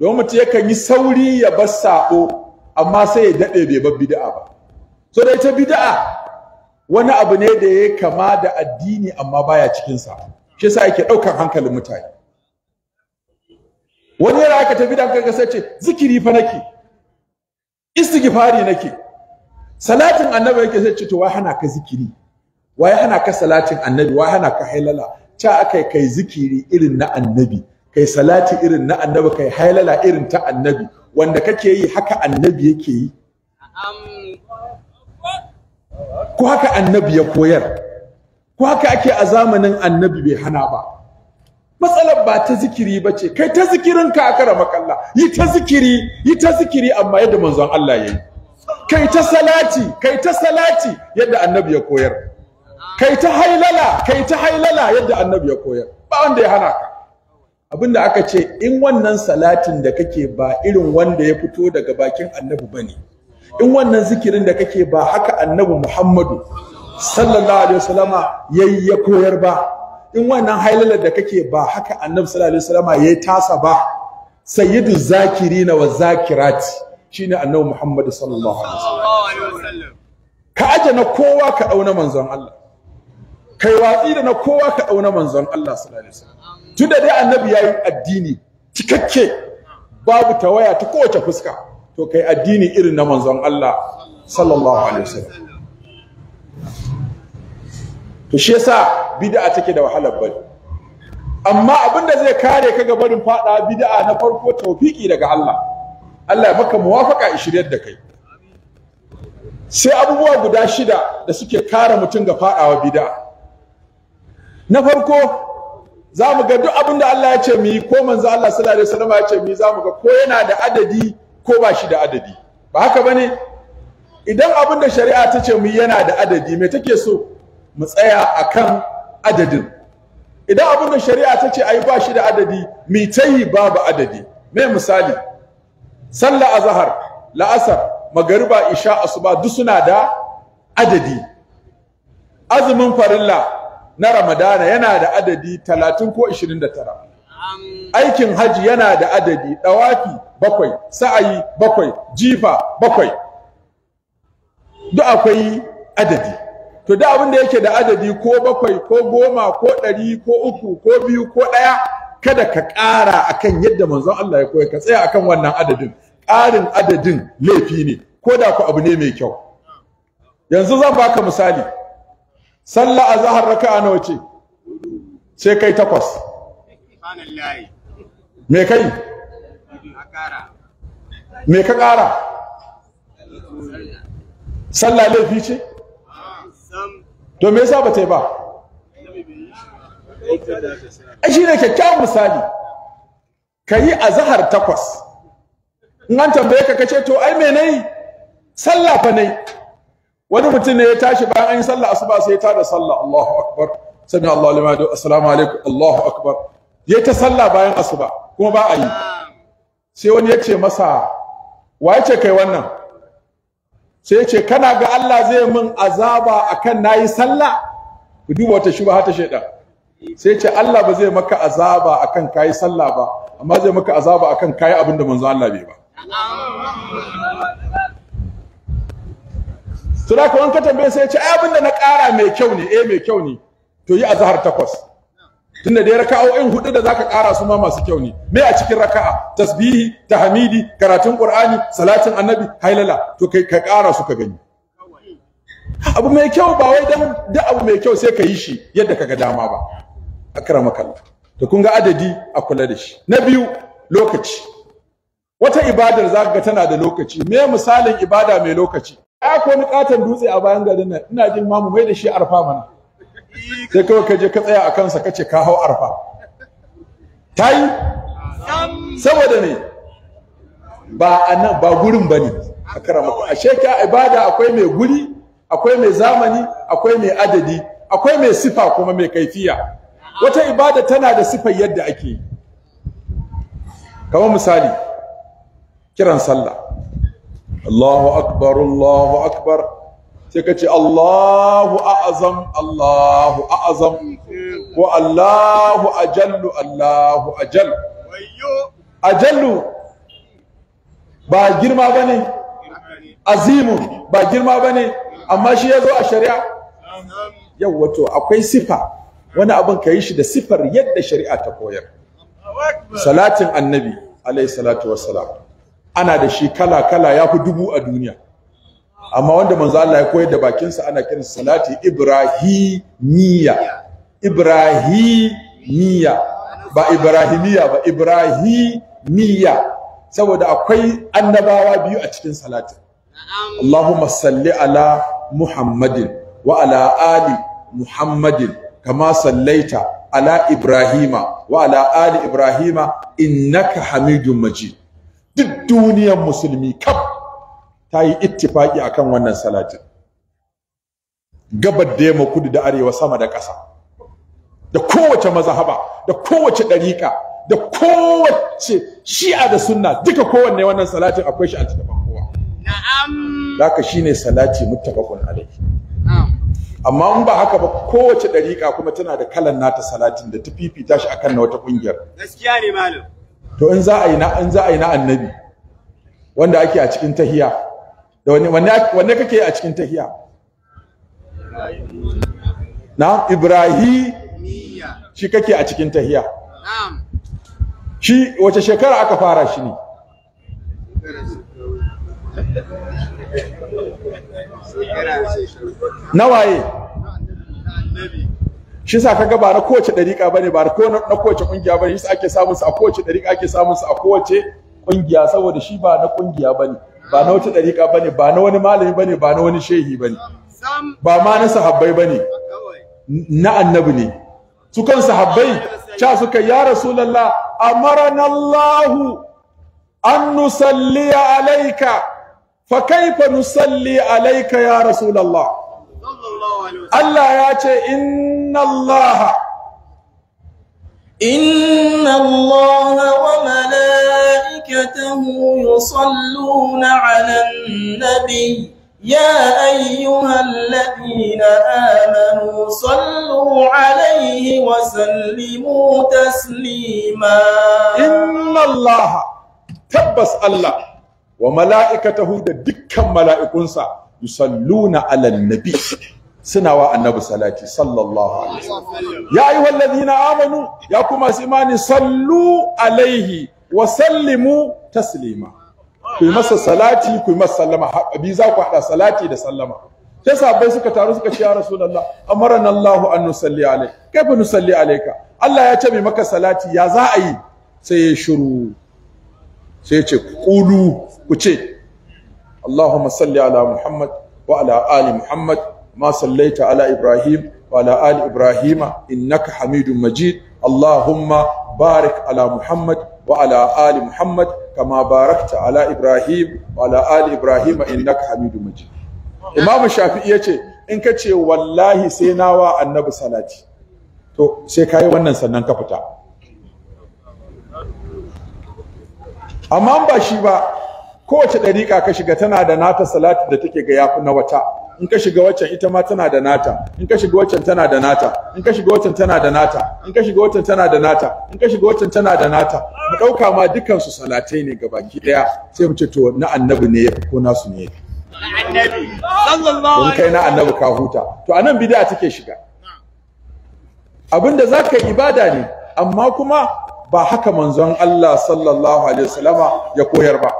don mutum yakan yi sauri ya bar sabo amma sai ya dade bai bar bid'a ba so da ita bid'a wani abu ne da ya kama da addini amma baya cikin sa shi yasa yake ɗaukan hankalin mutane wani yana aka tafi da hankali sai ce zikiri fa nake istighfari nake salatin annabi yake sai ce to wai hana ka zikiri wai hana ka salatin annabi wai hana ka hailala ta akai kai zikiri irin na annabi kai salati irin na annabi kai hailala irin ta annabi wanda kake yi haka annabi yake yi
ko haka annabi ya koyar
ko haka ake a zamanin annabi bai hana ba matsalar ba ta zikiri ba ce kai ta zikirin ka aka rama kalla yi ta zikiri yi ta zikiri amma yadda manzon Allah ya yi kai ta salati kai ta salati yadda annabi ya koyar kai ta hailala kai ta hailala yadda annabi ya koyar ba wanda ya hana ka abinda aka ce in wannan salatin da kake ba irin wanda ya fito daga bakin annabi bane in wannan zikirin da kake ba haka annabi Muhammadu sallallahu alaihi wasallama yayi ya koyar ba in wannan hailalar da kake ba haka annabi sallallahu alaihi wasallama yayi tasa ba sayyidu zakirina wa zakirat shine annabi muhammad sallallahu
alaihi wasallam
ka aje na kowa ka dauna manzon Allah kai watsi da na kowa ka dauna manzon Allah sallallahu alaihi wasallam tunda dai annabi yayi addini cikakke babu tawaya ta kowace fuska to kai addini irin na manzon Allah sallallahu alaihi wasallam to shi yasa bid'a take da wahalar bari amma abin da zai kare ka ga barin fada bid'a na farko tawfiki daga Allah Allah ya maka muwafaka shiryar da kai sai abubuwa guda shida da suke kare mutum ga fadawa bid'a na farko za mu ga duk abin da Allah ya ce mu yi ko manzo Allah sallallahu alaihi wasallam ya ce mu yi za mu ga ko yana da adadi ko ba shi da adadi ba haka bane idan abin da shari'a ta ce mu yana da adadi me take so mu tsaya a kan adadin idan abin da shari'a ta ce ai ba shi da adadi mi ta yi babu adadi mai misali sallah Azahar, la'asar magariba isha asuba duk suna da adadi azumin farilla na ramadana yana da adadi 30 ko 29 aikin haji yana da adadi dawafi bakwai sa'ayi bakwai jifa bakwai duk akwai adadi to da abin da yake da adadi ko bakwai ko goma ko ɗari ko uku ko biyu ko ɗaya kada ka ƙara akan yadda manzon Allah ya koya ka tsaya akan wannan adadin ƙarin adadin laifi ne ko da ku abu ne mai kyau yanzu zan baka misali sallah azhar raka'a nawa ce sai kai takwas me kai me ka ƙara sallah laifi ce to me yasa ba ta yi ba shi ne kyakkyawan misali ka yi a zahar takwas in an tambaye ka kace to ai me yi sallah fa ne? wani mutum ne ya tashi bayan an yi sallah asuba sai ya tada sallah Allahu akbar sami Allahu assalamu alaikum Allahu akbar ya ta sallah bayan asuba kuma ba a yi sai wani ya ce masa wa ya ce kai wannan sai ce kana ga Allah zai min azaba akan nayi sallah ku duba wata shubha ta shaidan sai ce Allah ba zai maka azaba akan kayi sallah ba amma zai maka azaba akan kayi abin da manzo Allah bai ba to da ka wanka tambaye sai ce ai abin da na ƙara mai kyau ne eh mai kyau ne to yi azhar takwas tunda dai raka'o'in hudu da zaka kara su ma masu kyau ne me a cikin raka'a tasbihi tahmidi karatun qur'ani salatin annabi hailala to kai ka ƙara su ka gani abu mai kyau ba wai dan da abu mai kyau sai ka yi shi yadda ka ga dama ba akramaka to kun ga adadi a kula da shi na biyu lokaci wata ibadar zaka ga tana da lokaci me misalin ibada mai lokaci akwai wani katon dutse a bayan garin nan ina jin mamu mai da shi arfa mana sai kawai ka je ka tsaya a kansa kace ka hau arfa ta yi saboda ne ba a nan ba gurin ba ne a karama a sheka ibada akwai mai guri akwai mai zamani akwai mai adadi akwai mai sifa kuma mai kaifiya wata ibada tana da sifar yadda ake yi kamar misali kiran sallah Allahu akbar Allahu akbar sai ka ce Allahu a'azam Allahu a'azam ko Allahu ajallu Allahu ajal ajallu ba girma bane azimu ba girma bane amma shi ya zo a shari'a yau wato akwai sifa wani abin ka yi shi da sifar yadda shari'a ta koyar salatin annabi alayhi salatu wassalam ana da shi kala kala yafi dubu a duniya amma wanda manzo Allah ya koyar da bakinsa ana kiran salati ibrahimiyya ibrahimiyya ba ibrahimiyya ba ibrahimiyya saboda akwai annabawa biyu a cikin salati. Allahumma salli ala Muhammadin wa ala ali Muhammadin kama sallaita ala Ibrahima wa ala ali Ibrahima innaka Hamidum Majid duk duniyar musulmi kaf ta yi ittifaki akan wannan salatin gabar da kudu da arewa sama da ƙasa da kowace mazahaba da kowace ɗariƙa da kowace shi'a da sunna duka kowanne wannan salatin akwai shi a cikin kowa
na'am
haka shine salati muttafaqun alayhi amma in ba haka ba kowace ɗariƙa kuma tana da kalan nata salatin da ta fifita shi akan na wata ƙungiyar gaskiya ne malam to in za a yi na in za a yi na annabi wanda ake a cikin tahiya da wanne kake a cikin tahiya na ibrahim shi kake a cikin tahiya shi wace shekara aka fara shi ne nawaye shi sa kaga ba na kowace dariƙa ba ne, ba ko na kowace ƙungiya ba ne, shi ake samun su a kowace dariƙa ake samun su a kowace ƙungiya, saboda shi ba na ƙungiya ba ne. ba na wata dariqa bane ba na wani malami bane ba na wani shehi bane ba ma na sahabbai bane na annabi ne su kan sahabbai cha suka ya rasulullah amarana allah an nusalli alayka fa kayfa nusalli alayka ya rasulullah الله يا إن الله إن الله وملائكته
ملائكته يصلون على النبي يا أيها الذين آمنوا صلوا
عليه وسلموا تسليما إن الله تبس الله وملائكته دكا ملائكونسا يصلون على النبي سنوا النبي صلاتي صلى الله عليه
وسلم
يا أيها الذين آمنوا يا كما سيماني صلوا عليه wa sallimu taslima ku yi masa salati ku yi masa sallama habi za ku hada salati da sallama sai sabai suka taru suka ce ya rasulullah na Allahu an nusalli alayka kaifa nusalli alayka Allah ya ce mai maka salati ya za a yi sai ya shiru sai ya ce kulu ku ce اللهم صل على محمد وعلى آل محمد ما صليت على إبراهيم وعلى آل إبراهيم إنك حميد مجيد اللهم بارك على محمد وعلى آل محمد كما باركت على إبراهيم وعلى آل إبراهيم إنك حميد مجيد إمام الشافعي يقول in ka ce wallahi sai nawa annabi salati to sai kayi wannan sannan ka fita amma ba shi ba kowace ɗariƙa ka shiga tana da nata salati da take ga yafi na wata in ka shiga waccan ita ma tana da nata in ka shiga waccan tana da nata in ka shiga waccan tana da nata in ka shiga waccan tana da nata in ka shiga waccan tana da nata mu ɗauka ma dukansu salatai ne gabaki ɗaya sai mu ce to na annabi ne ya ko nasu ne ya
fi kai na
annabi ka huta to anan bid'a take shiga abinda zaka ibada ne amma kuma ba haka manzon Allah sallallahu alaihi wasallama ya koyar ba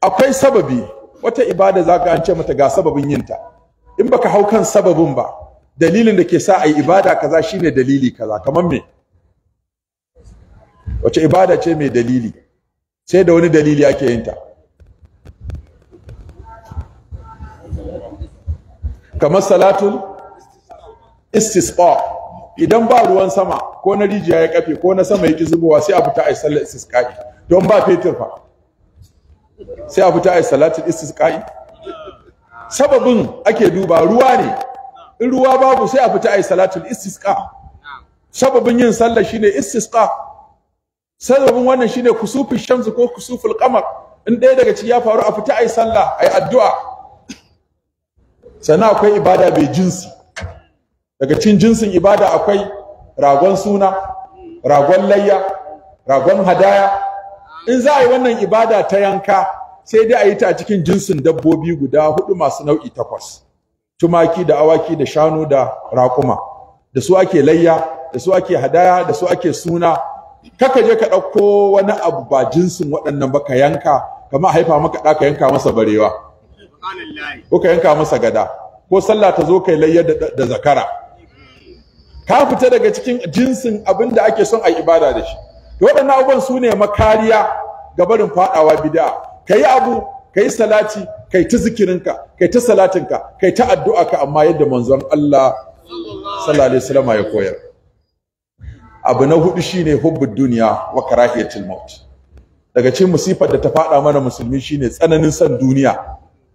akwai sababi wata ibada zaka an ce mata ga sababin yinta in baka hau kan sababin ba dalilin da ke sa ai ibada kaza shine dalili kaza kamar me wace ibada ce mai dalili sai da wani dalili ake yin ta kamar salatul istisqa idan ba ruwan sama ko na rijiya ya kafe ko na sama yake zubowa sai a fita ai sallar istisqa don ba fetur fa sai a fita ai salatul istisqa sababin ake duba ruwa ne in ruwa babu sai a fita ai salatul istisqa sababin yin sallah shine istisqa sababin wannan shine kusufi shamsu ko kusuful qamar in ɗaya daga ciki ya faru a fita ayi sallah ayi addu'a sannan akwai ibada bai jinsi daga cikin jinsin ibada akwai ragon suna ragon layya ragon hadaya in za a yi wannan ibada ta yanka sai dai a yi ta a cikin jinsin dabbobi guda hudu masu nau'i takwas tumaki da awaki da shanu da raƙuma da su ake layya da su ake hadaya da su ake suna kaka je ka ɗauko wani abu ba jinsin waɗannan ba ka yanka kamar haifa maka ɗa ka yanka masa barewa ko ka yanka masa gada ko sallah ta zo kai layyar da zakara ka fita daga cikin jinsin abin da ake son a ibada da shi to waɗannan abubuwan su ne makariya ga barin faɗawa bid'a ka yi abu ka yi salati kai ta zikirinka kai ta salatinka kai ta addu'a ka amma yadda manzon Allah
sallallahu alaihi wasallam ya
koyar abu na hudu shine hubbud duniya wa karahiyatul maut daga cikin musifar da ta fada mana musulmi shine tsananin san duniya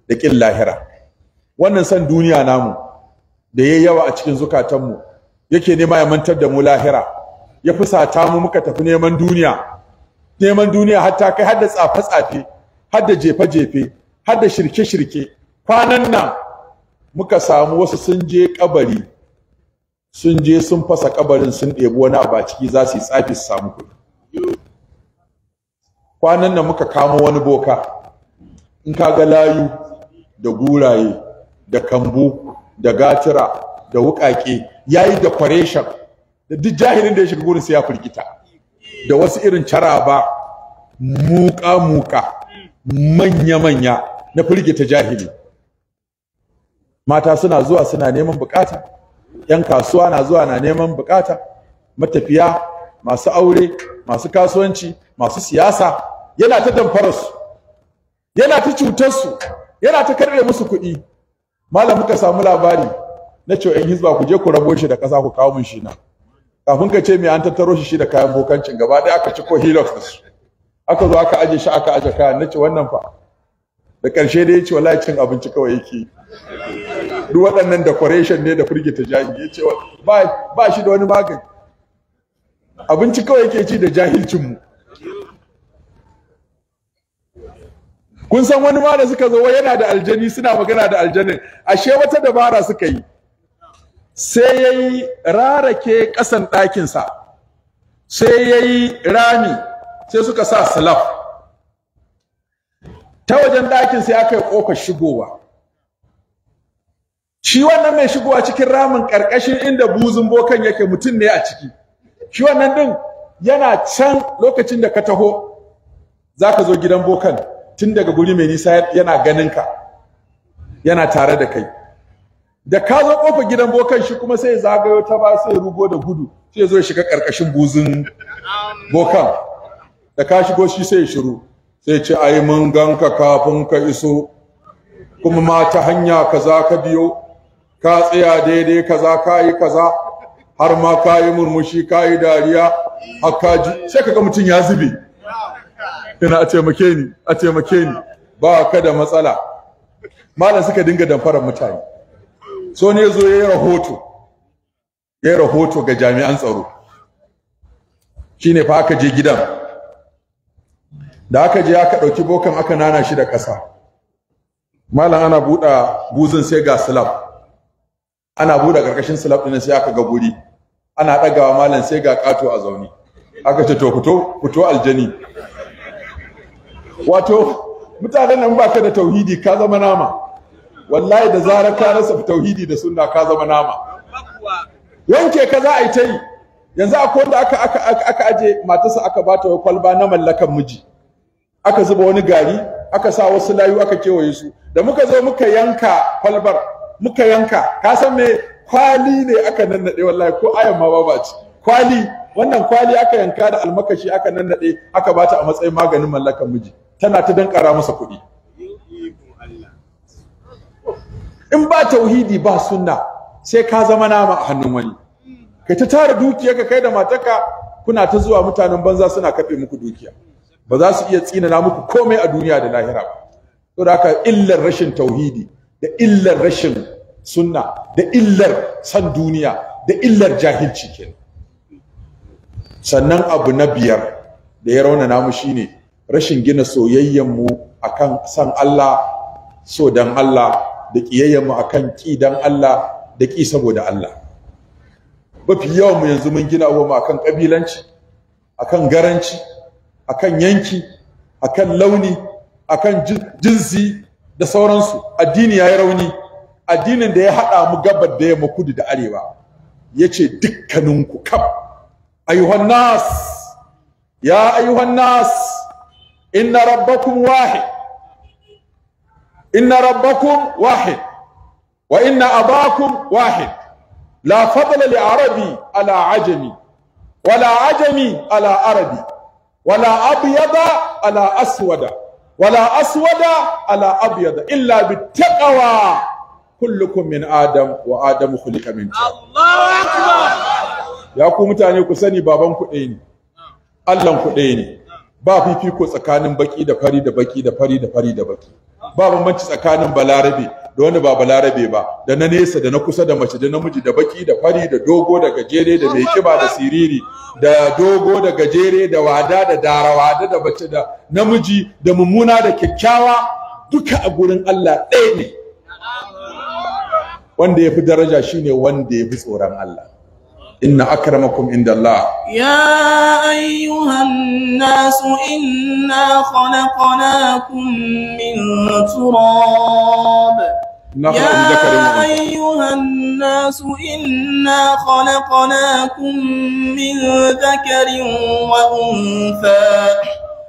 da kin lahira wannan san duniya namu da yayi yawa a cikin zukatanmu yake nema ya mantar da mu lahira ya fusata mu muka tafi neman duniya neman duniya hatta kai har da tsafe tsafe har da jefe jefe har da shirke shirke kwanan nan muka samu wasu sun je kabari sun je sun fasa kabarin sun ɗebi wani abu ciki za su yi tsafi su samu kuɗi kwanan nan muka kamo wani boka in ka ga layu da guraye da kambu da gatira da wukake ya yi da decoration da duk jahilin da ya shiga gurin sai ya firgita da wasu irin caraba muka-muka manya-manya na firgita jahili mata suna zuwa suna neman bukata yan kasuwa na zuwa na neman bukata matafiya masu aure masu kasuwanci masu siyasa yana ta damfararsu yana ta cutarsu yana ta musu kuɗi malam muka samu labari na cewa yan hizba ku je ku rabo shi da ƙasa ku kawo mun shi na kafin ka ce me an tattaro shi shi da kayan bokancin gaba ɗaya aka ci ko hilux da su aka zo aka aje shi aka aje kayan na ce wannan fa da ƙarshe dai ya ce wallahi cin abinci kawai yake duk waɗannan decoration ne da firgita jahili ya ce ba shi da wani magani abinci kawai yake ci da jahilcinmu kun san wani ma da suka zo wa yana da aljani suna magana da aljanin ashe wata dabara suka yi sai ya yi rarake ƙasan ɗakinsa sai ya yi rami sai suka sa salaf ta wajen ɗakin sai aka yi ƙofar shigowa shi wannan mai shigowa cikin ramin karkashin inda buzun bokan yake mutum ne a ciki shi wannan ɗin yana can lokacin da ka taho zaka zo gidan bokan tun daga guri mai nisa yana ganin ka yana tare da kai da ka zo kofar gidan bokan shi kuma sai zagayo ta ba sai rugo da gudu sai zo ya shiga karkashin buzun bokan da ka shigo shi sai ya shiru sai ce ai mun ganka kafin ka iso kuma ma ta hanya kaza ka biyo ka tsaya daidai kaza ka yi kaza har ma ka yi murmushi ka yi dariya haka ji sai ka ga mutum ya zube ina a taimake ni a taimake ni ba ka da matsala malam suka dinga damfarar mutane so ne zo yayi rahoto yayi rahoto ga jami'an tsaro shine fa aka je gidan da aka je aka ɗauki bokan aka nana shi da ƙasa malam ana buɗa buzin sai ga slab ana buɗe karkashin slab ɗin sai aka ga guri ana ɗagawa malam sai ga ƙato a zaune aka ce to fito fito aljani wato mutanen nan baka da tauhidi ka zama nama wallahi da zarar ka rasa tauhidi da sunna ka zama nama yanke ka za a yi ta yanzu akwai wanda aka aka aka aje matarsa aka bata ta kwalba na mallakan miji aka zuba wani gari aka sa wasu layu aka kewaye su da muka zo muka yanka kwalbar muka yanka ka san me kwali ne aka nannade wallahi ko ayan ma ba ci kwali wannan kwali aka yanka da almakashi aka nannade aka bata a matsayin maganin mallakan miji tana ta dankara masa kuɗi in ba tauhidi ba sunna sai ka zama nama a hannun wani kai ta tara dukiya ka kai da mataka kuna ta zuwa mutanen banza suna kafe muku dukiya ba za su iya na muku komai a duniya da lahira ba saboda haka illar rashin tauhidi da illar rashin sunna da illar san duniya da illar jahilci kenan sannan abu na biyar da ya rauna namu shine rashin gina soyayyen mu akan san Allah so dan Allah da kiyayyen mu akan ki dan Allah da ki saboda Allah fi yawan mu yanzu mun gina wa mu akan kabilanci akan garanci akan yanki akan launi akan jinsi da sauransu addini ya yi rauni addinin da ya haɗa mu gabar da ya kudu da arewa ya ce dukkaninku kam ayyuhan nas ya ayyuhan nas inna rabbakum wahid inna rabbakum wahid wa inna abakum wahid la fadla li arabi ala ajami wala ajami ala arabi wala abyada ala aswada wala aswada ala abyada illa bittaqwa kullukum min adam wa Adamu khuliqa min ya ku mutane ku sani baban ku ɗaya ne Allah ne ba fifiko tsakanin baki da fari da baki da fari da fari da baki ba bambanci tsakanin balarabe da wani ba balarabe ba da na nesa da na kusa da mace da namiji da baki da fari da dogo da gajere da mai kiba da siriri da dogo da gajere da wada da darawada da bace da namiji da mummuna da kyakkyawa duka a gurin Allah ɗaya ne wanda ya fi daraja shine wanda ya fi tsoron Allah إن أكرمكم عند الله
يا أيها الناس إنا خلقناكم من تراب
يا
أيها الناس إنا خلقناكم من ذكر وأنثى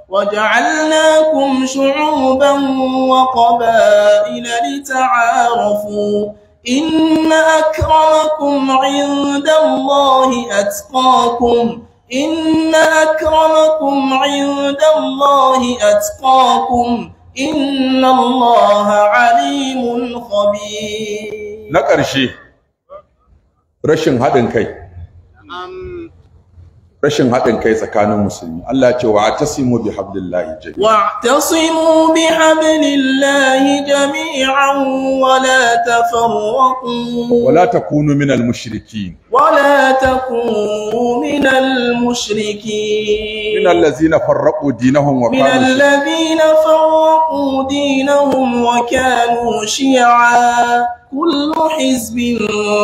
وجعلناكم شعوبا وقبائل لتعارفوا إن أكرمكم عند الله أتقاكم إن أكرمكم عند الله أتقاكم إن الله عليم خبير
نكرشي رشن هذا كي rashin haɗin kai tsakanin musulmi Allah ce wa tasimu bi hablillahi jami'a
wa tasimu bi hablillahi jami'an wa la tafarraqu wa la
takunu minal mushrikin
wa la takunu minal mushrikin minal
ladzina farraqu dinahum wa kanu minal
ladzina farraqu dinahum wa kanu shi'a كل حزب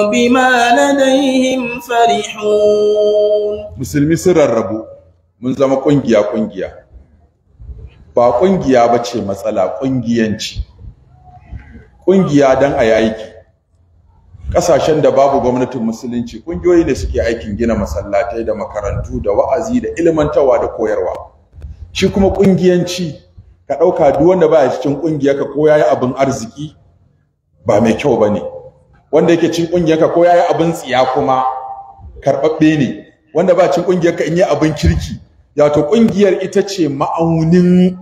بما لديهم فرحون
musulmi sun rarrabu mun zama ƙungiya kungiya ba kungiya bace matsala kungiyanci Ƙungiya dan a yaki kasashen da babu gwamnatin musulunci kungiyoyi ne suke aikin gina masallatai da makarantu da wa'azi da ilmantawa da koyarwa shi kuma kungiyanci ka dauka duk wanda baya cikin kungiya ka koya abin arziki ba mai kyau ba ne wanda yake cin ƙungiyarka ko ya yi abin tsiya kuma karɓaɓɓe ne wanda ba cin ƙungiyarka in yi abin kirki ya to ƙungiyar ita ce ma'aunin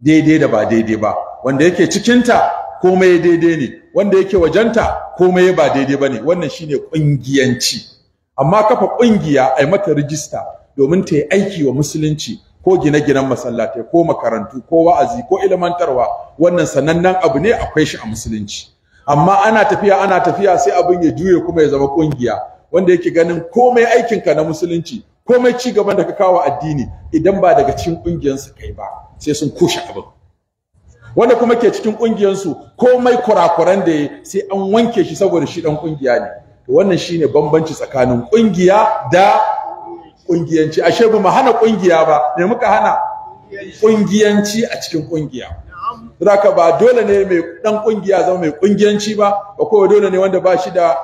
daidai da ba daidai ba wanda yake cikinta komai daidai ne wanda yake wajenta komai ba daidai ba ne wannan shine ƙungiyanci amma kafa ƙungiya a mata rijista domin ta yi aiki wa musulunci ko gine-ginen masallatai ko makarantu ko wa'azi ko ilmantarwa wannan sanannen abu ne akwai shi a musulunci amma ana tafiya ana tafiya sai abin ya juye kuma ya zama kungiya wanda yake ganin komai aikinka na musulunci komai ci gaban da ka kawo addini idan ba daga cikin kungiyarsu kai ba sai sun kushe abin wanda kuma ke cikin kungiyarsu komai kurakuran da ya sai an wanke shi saboda shi dan kungiya ne wannan shine bambanci tsakanin kungiya da kungiyanci ashe ba mu hana kungiya ba ne muka hana kungiyanci a cikin kungiya Zaka ba dole ne mai dan kungiya zama mai kungiyanci ba, ba kowa dole ne wanda ba shi da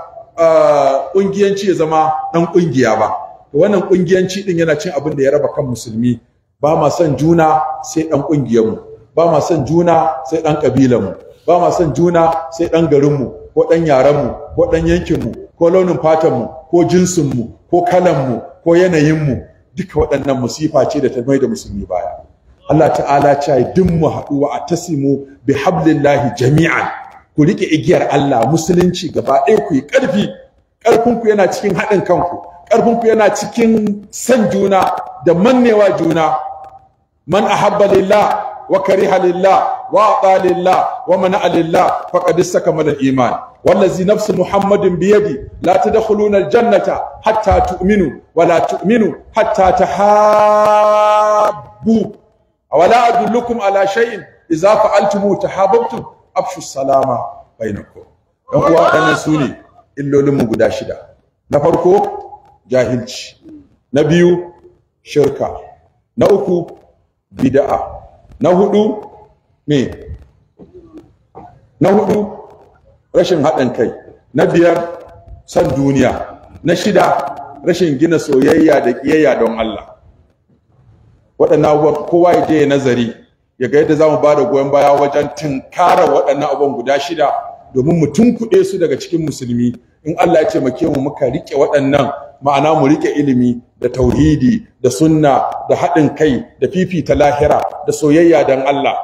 kungiyanci ya zama dan kungiya ba. Wannan kungiyanci din yana cin abin da ya raba kan musulmi. Ba ma son juna sai dan mu Ba ma son juna sai dan mu Ba ma son juna sai dan garinmu ko dan mu ko dan yankin mu ko launin fatan mu ko jinsin mu ko kalan mu ko yanayin mu duka waɗannan musifa ce da ta mai da musulmi baya. Allah ta'ala ce duk mu a wa atasimu bi hablillahi jami'an ku riƙe igiyar Allah musulunci gaba ɗaya ku yi ƙarfi ƙarfinku yana cikin haɗin kanku Ƙarfinku ku yana cikin san juna da mannewa juna man ahabba lillah وكره لله wa لله ومنع لله فقد استكمل iman. والذي نفس محمد بيدي لا تدخلون الجنة حتى تؤمنوا ولا تؤمنوا حتى تحابوا awala adullukum ala shay'in idza fa'altumu tahabbtum afshu salama bainakum dan uwa dan sune illolin mu guda shida na farko jahilci na biyu shirka na uku bid'a na hudu rashin haɗin kai na biyar son duniya na shida rashin gina soyayya da ƙiyayya don Allah waɗannan abubuwan kowa ya je ya nazari ya ga yadda za mu ba da goyon baya wajen tunkarar waɗannan abubuwan guda shida domin mu tunkuɗe su daga cikin musulmi in Allah ya taimake mu muka riƙe waɗannan ma'ana mu riƙe ilimi da tauhidi da sunna da haɗin kai da fifita lahira da soyayya dan Allah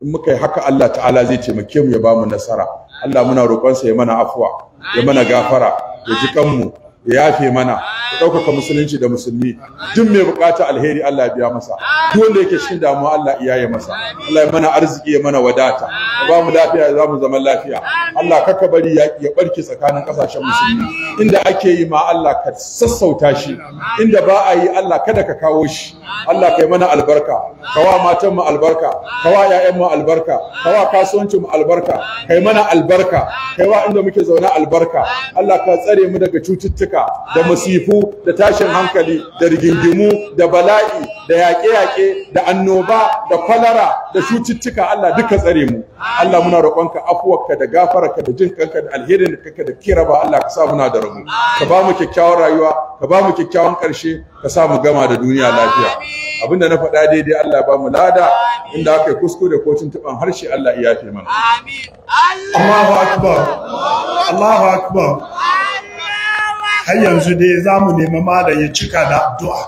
in muka yi haka Allah ta'ala zai taimake mu ya ba mu nasara Allah muna roƙonsa ya mana afuwa ya mana gafara ya ji kanmu ya yafe mana ya ɗaukaka musulunci da musulmi duk mai bukata alheri Allah ya biya masa duk wanda yake cikin damuwa Allah ya yi masa Allah ya mana arziki ya mana wadata ya ba mu lafiya za mu zama lafiya Allah kaka bari ya ya barke tsakanin kasashen musulmi inda ake yi ma Allah ka sassauta shi inda ba a yi Allah kada ka kawo shi Allah kai mana albarka kawa matan mu albarka kawa ƴaƴan mu albarka kawa kasuwancin mu albarka kai mana albarka kai wa inda muke zaune albarka Allah ka tsare mu daga cututtuka cututtuka da masifu da tashin hankali da rigingimu da bala'i da yaƙe-yaƙe da annoba da kwalara da cututtuka Allah duka tsare mu Allah muna roƙonka afuwarka da gafararka da jin kanka da alherin da kanka da kiraba Allah ka sa muna da rabu ka ba mu kyakkyawar rayuwa ka ba mu kyakkyawan ƙarshe ka sa mu gama da duniya lafiya Abin da na faɗa daidai Allah ba mu lada inda aka yi da ko tuntuɓan harshe Allah iya fi mana
Allahu akbar Allahu akbar har yanzu dai za mu nemi malam ya cika da addu'a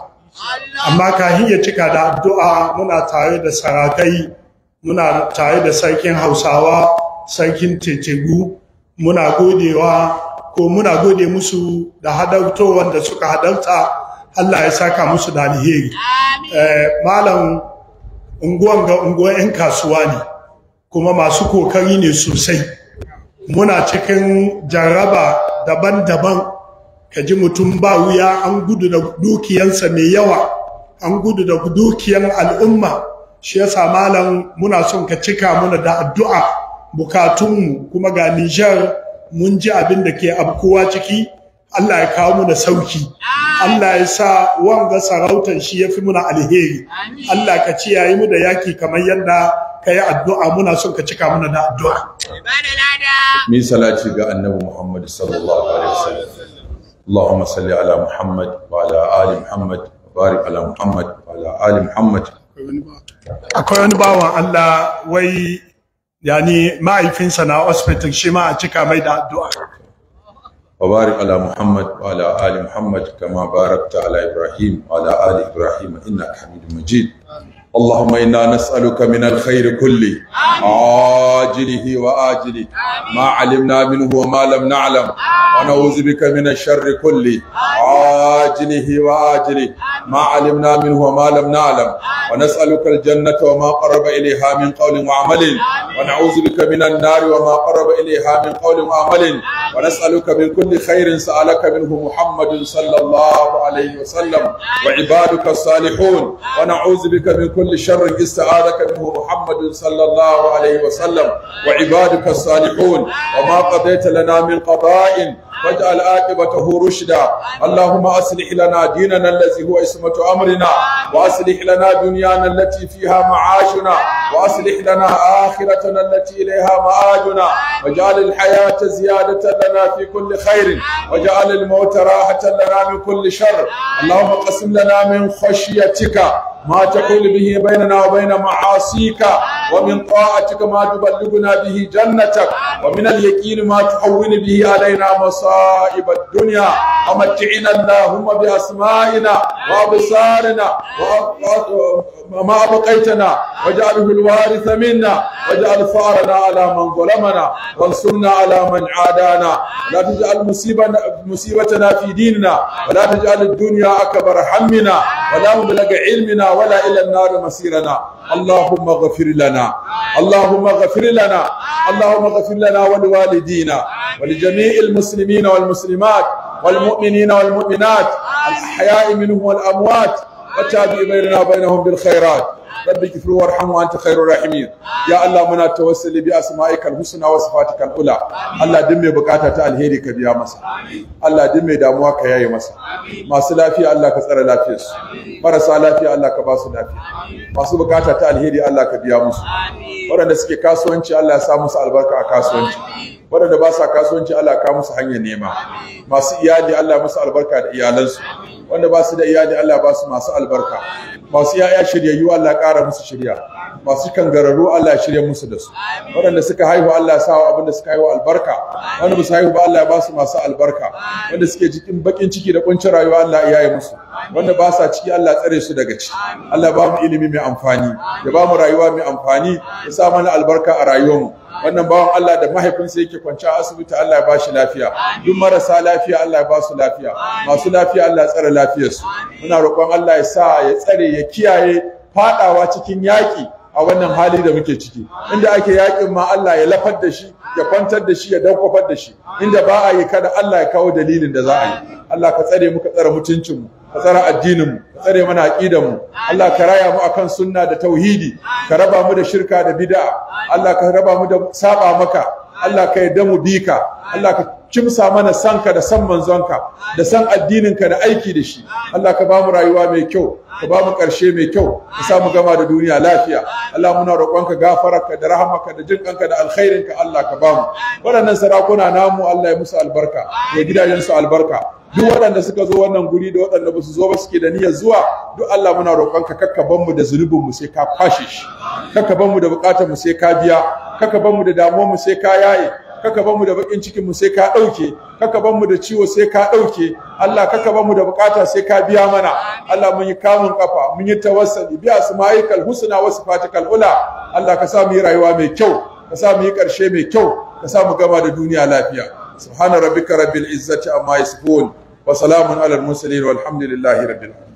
amma kafin ya cika da addu'a muna tare da sarakai muna tare da sarkin hausawa sarkin tetegu muna godewa ko muna gode musu da hadartowar da suka hadarta allah ya saka musu da alheri eh, malam unguwan ga unguwan 'yan kasuwa ne kuma masu kokari ne sosai muna cikin jaraba daban-daban ka ji mutum ba wuya an gudu da dukiyansa mai yawa an gudu da dukiyan al'umma shi yasa malam muna son ka cika muna da addu'a bukatunmu kuma ga Nijar mun ji abin da ke abkowa ciki Allah ya kawo muna sauki Allah ya sa wanga sarautar shi ya fi muna alheri Allah ka ci yayi mu da yaki kamar yadda ka yi addu'a muna son ka cika muna da addu'a.
Min salati ga annabi Muhammad sallallahu اللهم صل ala محمد وعلى ال محمد وبارك على محمد وعلى ال
akwai wani bawan Allah wai yani mahaifinsa na hospital shi ma a cika mai da addu'a
wabari ala muhammad wa ala ali muhammad kama barabta ala ibrahim wa ala ali ibrahim inna hamidu majid اللهم إنا نسألك من الخير كله عاجله وآجله ما علمنا منه وما لم نعلم ونعوذ بك من الشر كله عاجله وآجله ما علمنا منه وما لم نعلم ونسألك الجنة وما قرب إليها من قول وعمل ونعوذ بك من النار وما قرب إليها من قول وعمل ونسألك من كل خير سألك منه محمد صلى الله عليه وسلم وعبادك الصالحون ونعوذ بك من كل كل شر استعاذك منه محمد صلى الله عليه وسلم وعبادك الصالحون وما قضيت لنا من قضاء واجعل عاقبته رشدا اللهم اصلح لنا ديننا الذي هو اسمة امرنا واصلح لنا دنيانا التي فيها معاشنا واصلح لنا اخرتنا التي اليها مآلنا واجعل الحياة زيادة لنا في كل خير واجعل الموت راحة لنا من كل شر اللهم قسم لنا من خشيتك ما تقول به بيننا وبين معاصيك ومن طاعتك ما تبلغنا به جنتك ومن اليقين ما تحول به علينا مصائب مصائب الدنيا ومتعنا اللهم بأسمائنا وأبصارنا وما أبقيتنا واجعله الوارث منا واجعل فأرنا على من ظلمنا وانصرنا على من عادانا لا تجعل مصيبتنا في ديننا ولا تجعل الدنيا أكبر همنا ولا مبلغ علمنا ولا إلى النار مصيرنا اللهم اغفر لنا اللهم اغفر لنا اللهم اغفر لنا ولوالدينا ولجميع المسلمين والمسلمات والمؤمنين والمؤمنات الأحياء منهم والأموات وتابع بيننا وبينهم بالخيرات رب اغفر وارحم وانت خير الراحمين يا الله منا توسل باسمائك الحسنى وصفاتك العلى الله دم mai bukata ta alheri ka biya masa Allah duk mai damuwa ka yaye masa masu lafiya Allah ka tsara lafiyar su marasa lafiya Allah ka ba lafiya masu bukata ta alheri Allah ka biya musu waɗanda suke kasuwanci Allah ya sa musu albarka a kasuwanci waɗanda ba sa kasuwanci Allah hanyar nema masu iyali Allah musu albarka da iyalansu wanda ba su da iyali Allah ba su masu albarka masu yaya shiryayyu Allah ƙara musu shirya masu kangararru Allah shirya musu da su waɗanda suka haihu Allah sa abin da suka haihu albarka wanda ba su haihu ba Allah ba su masu albarka wanda suke cikin bakin ciki da kuncin rayuwa Allah ya yi musu wanda ba sa ciki Allah tsare su daga ciki Allah ba mu ilimi mai amfani ya ba mu rayuwa mai amfani ya sa mana albarka a rayuwarmu wannan bawan Allah da mahaifinsa yake kwanciya a asibiti Allah ya ba shi lafiya duk marasa lafiya Allah ya ba su lafiya masu lafiya Allah ya tsare lafiyarsu muna roƙon Allah ya sa ya tsare ya kiyaye fadawa cikin yaƙi a wannan hali da muke ciki inda ake yakin ma Allah ya lafar da shi ya kwantar da shi ya dankwafar da shi inda ba a yi kada Allah ya kawo dalilin da za a yi Allah ka tsare muka ka tsare mutuncinmu ka tsara addinin mu ka tsare mana aqidan mu Allah ka raya mu akan sunna da tauhidi ka raba mu da shirka da bid'a Allah ka raba mu da saba maka Allah ka yarda mu bika Allah ka cimsa mana sanka da san manzon ka da san addininka da aiki da shi Allah ka bamu rayuwa mai kyau ka bamu ƙarshe mai kyau ka samu gama da duniya lafiya Allah muna roƙonka gafararka da rahamarka da jinƙanka da alkhairinka Allah ka bamu waɗannan sarakuna namu Allah ya musu albarka ya gidajen su albarka duk waɗanda suka zo wannan guri da waɗanda ba su zo ba suke da niyyar zuwa duk Allah muna roƙonka kakka ban mu da zunubinmu mu sai ka kwashe shi kakka ban mu da buƙatar mu sai ka biya kakka ban mu da damuwar mu sai ka yaye kaka mu da bakin cikin mu sai ka dauke kaka mu da ciwo sai ka dauke Allah kaka mu da bukata sai ka biya mana Allah mun yi kamun kafa mun yi tawassuli biya asma'ikal husna wa sifatikal ula Allah ka sa mu yi rayuwa mai kyau ka sa mu yi karshe mai kyau ka sa mu gama da duniya lafiya subhana rabbika rabbil izzati amma yasifun wa salamun alal mursalin walhamdulillahi rabbil alamin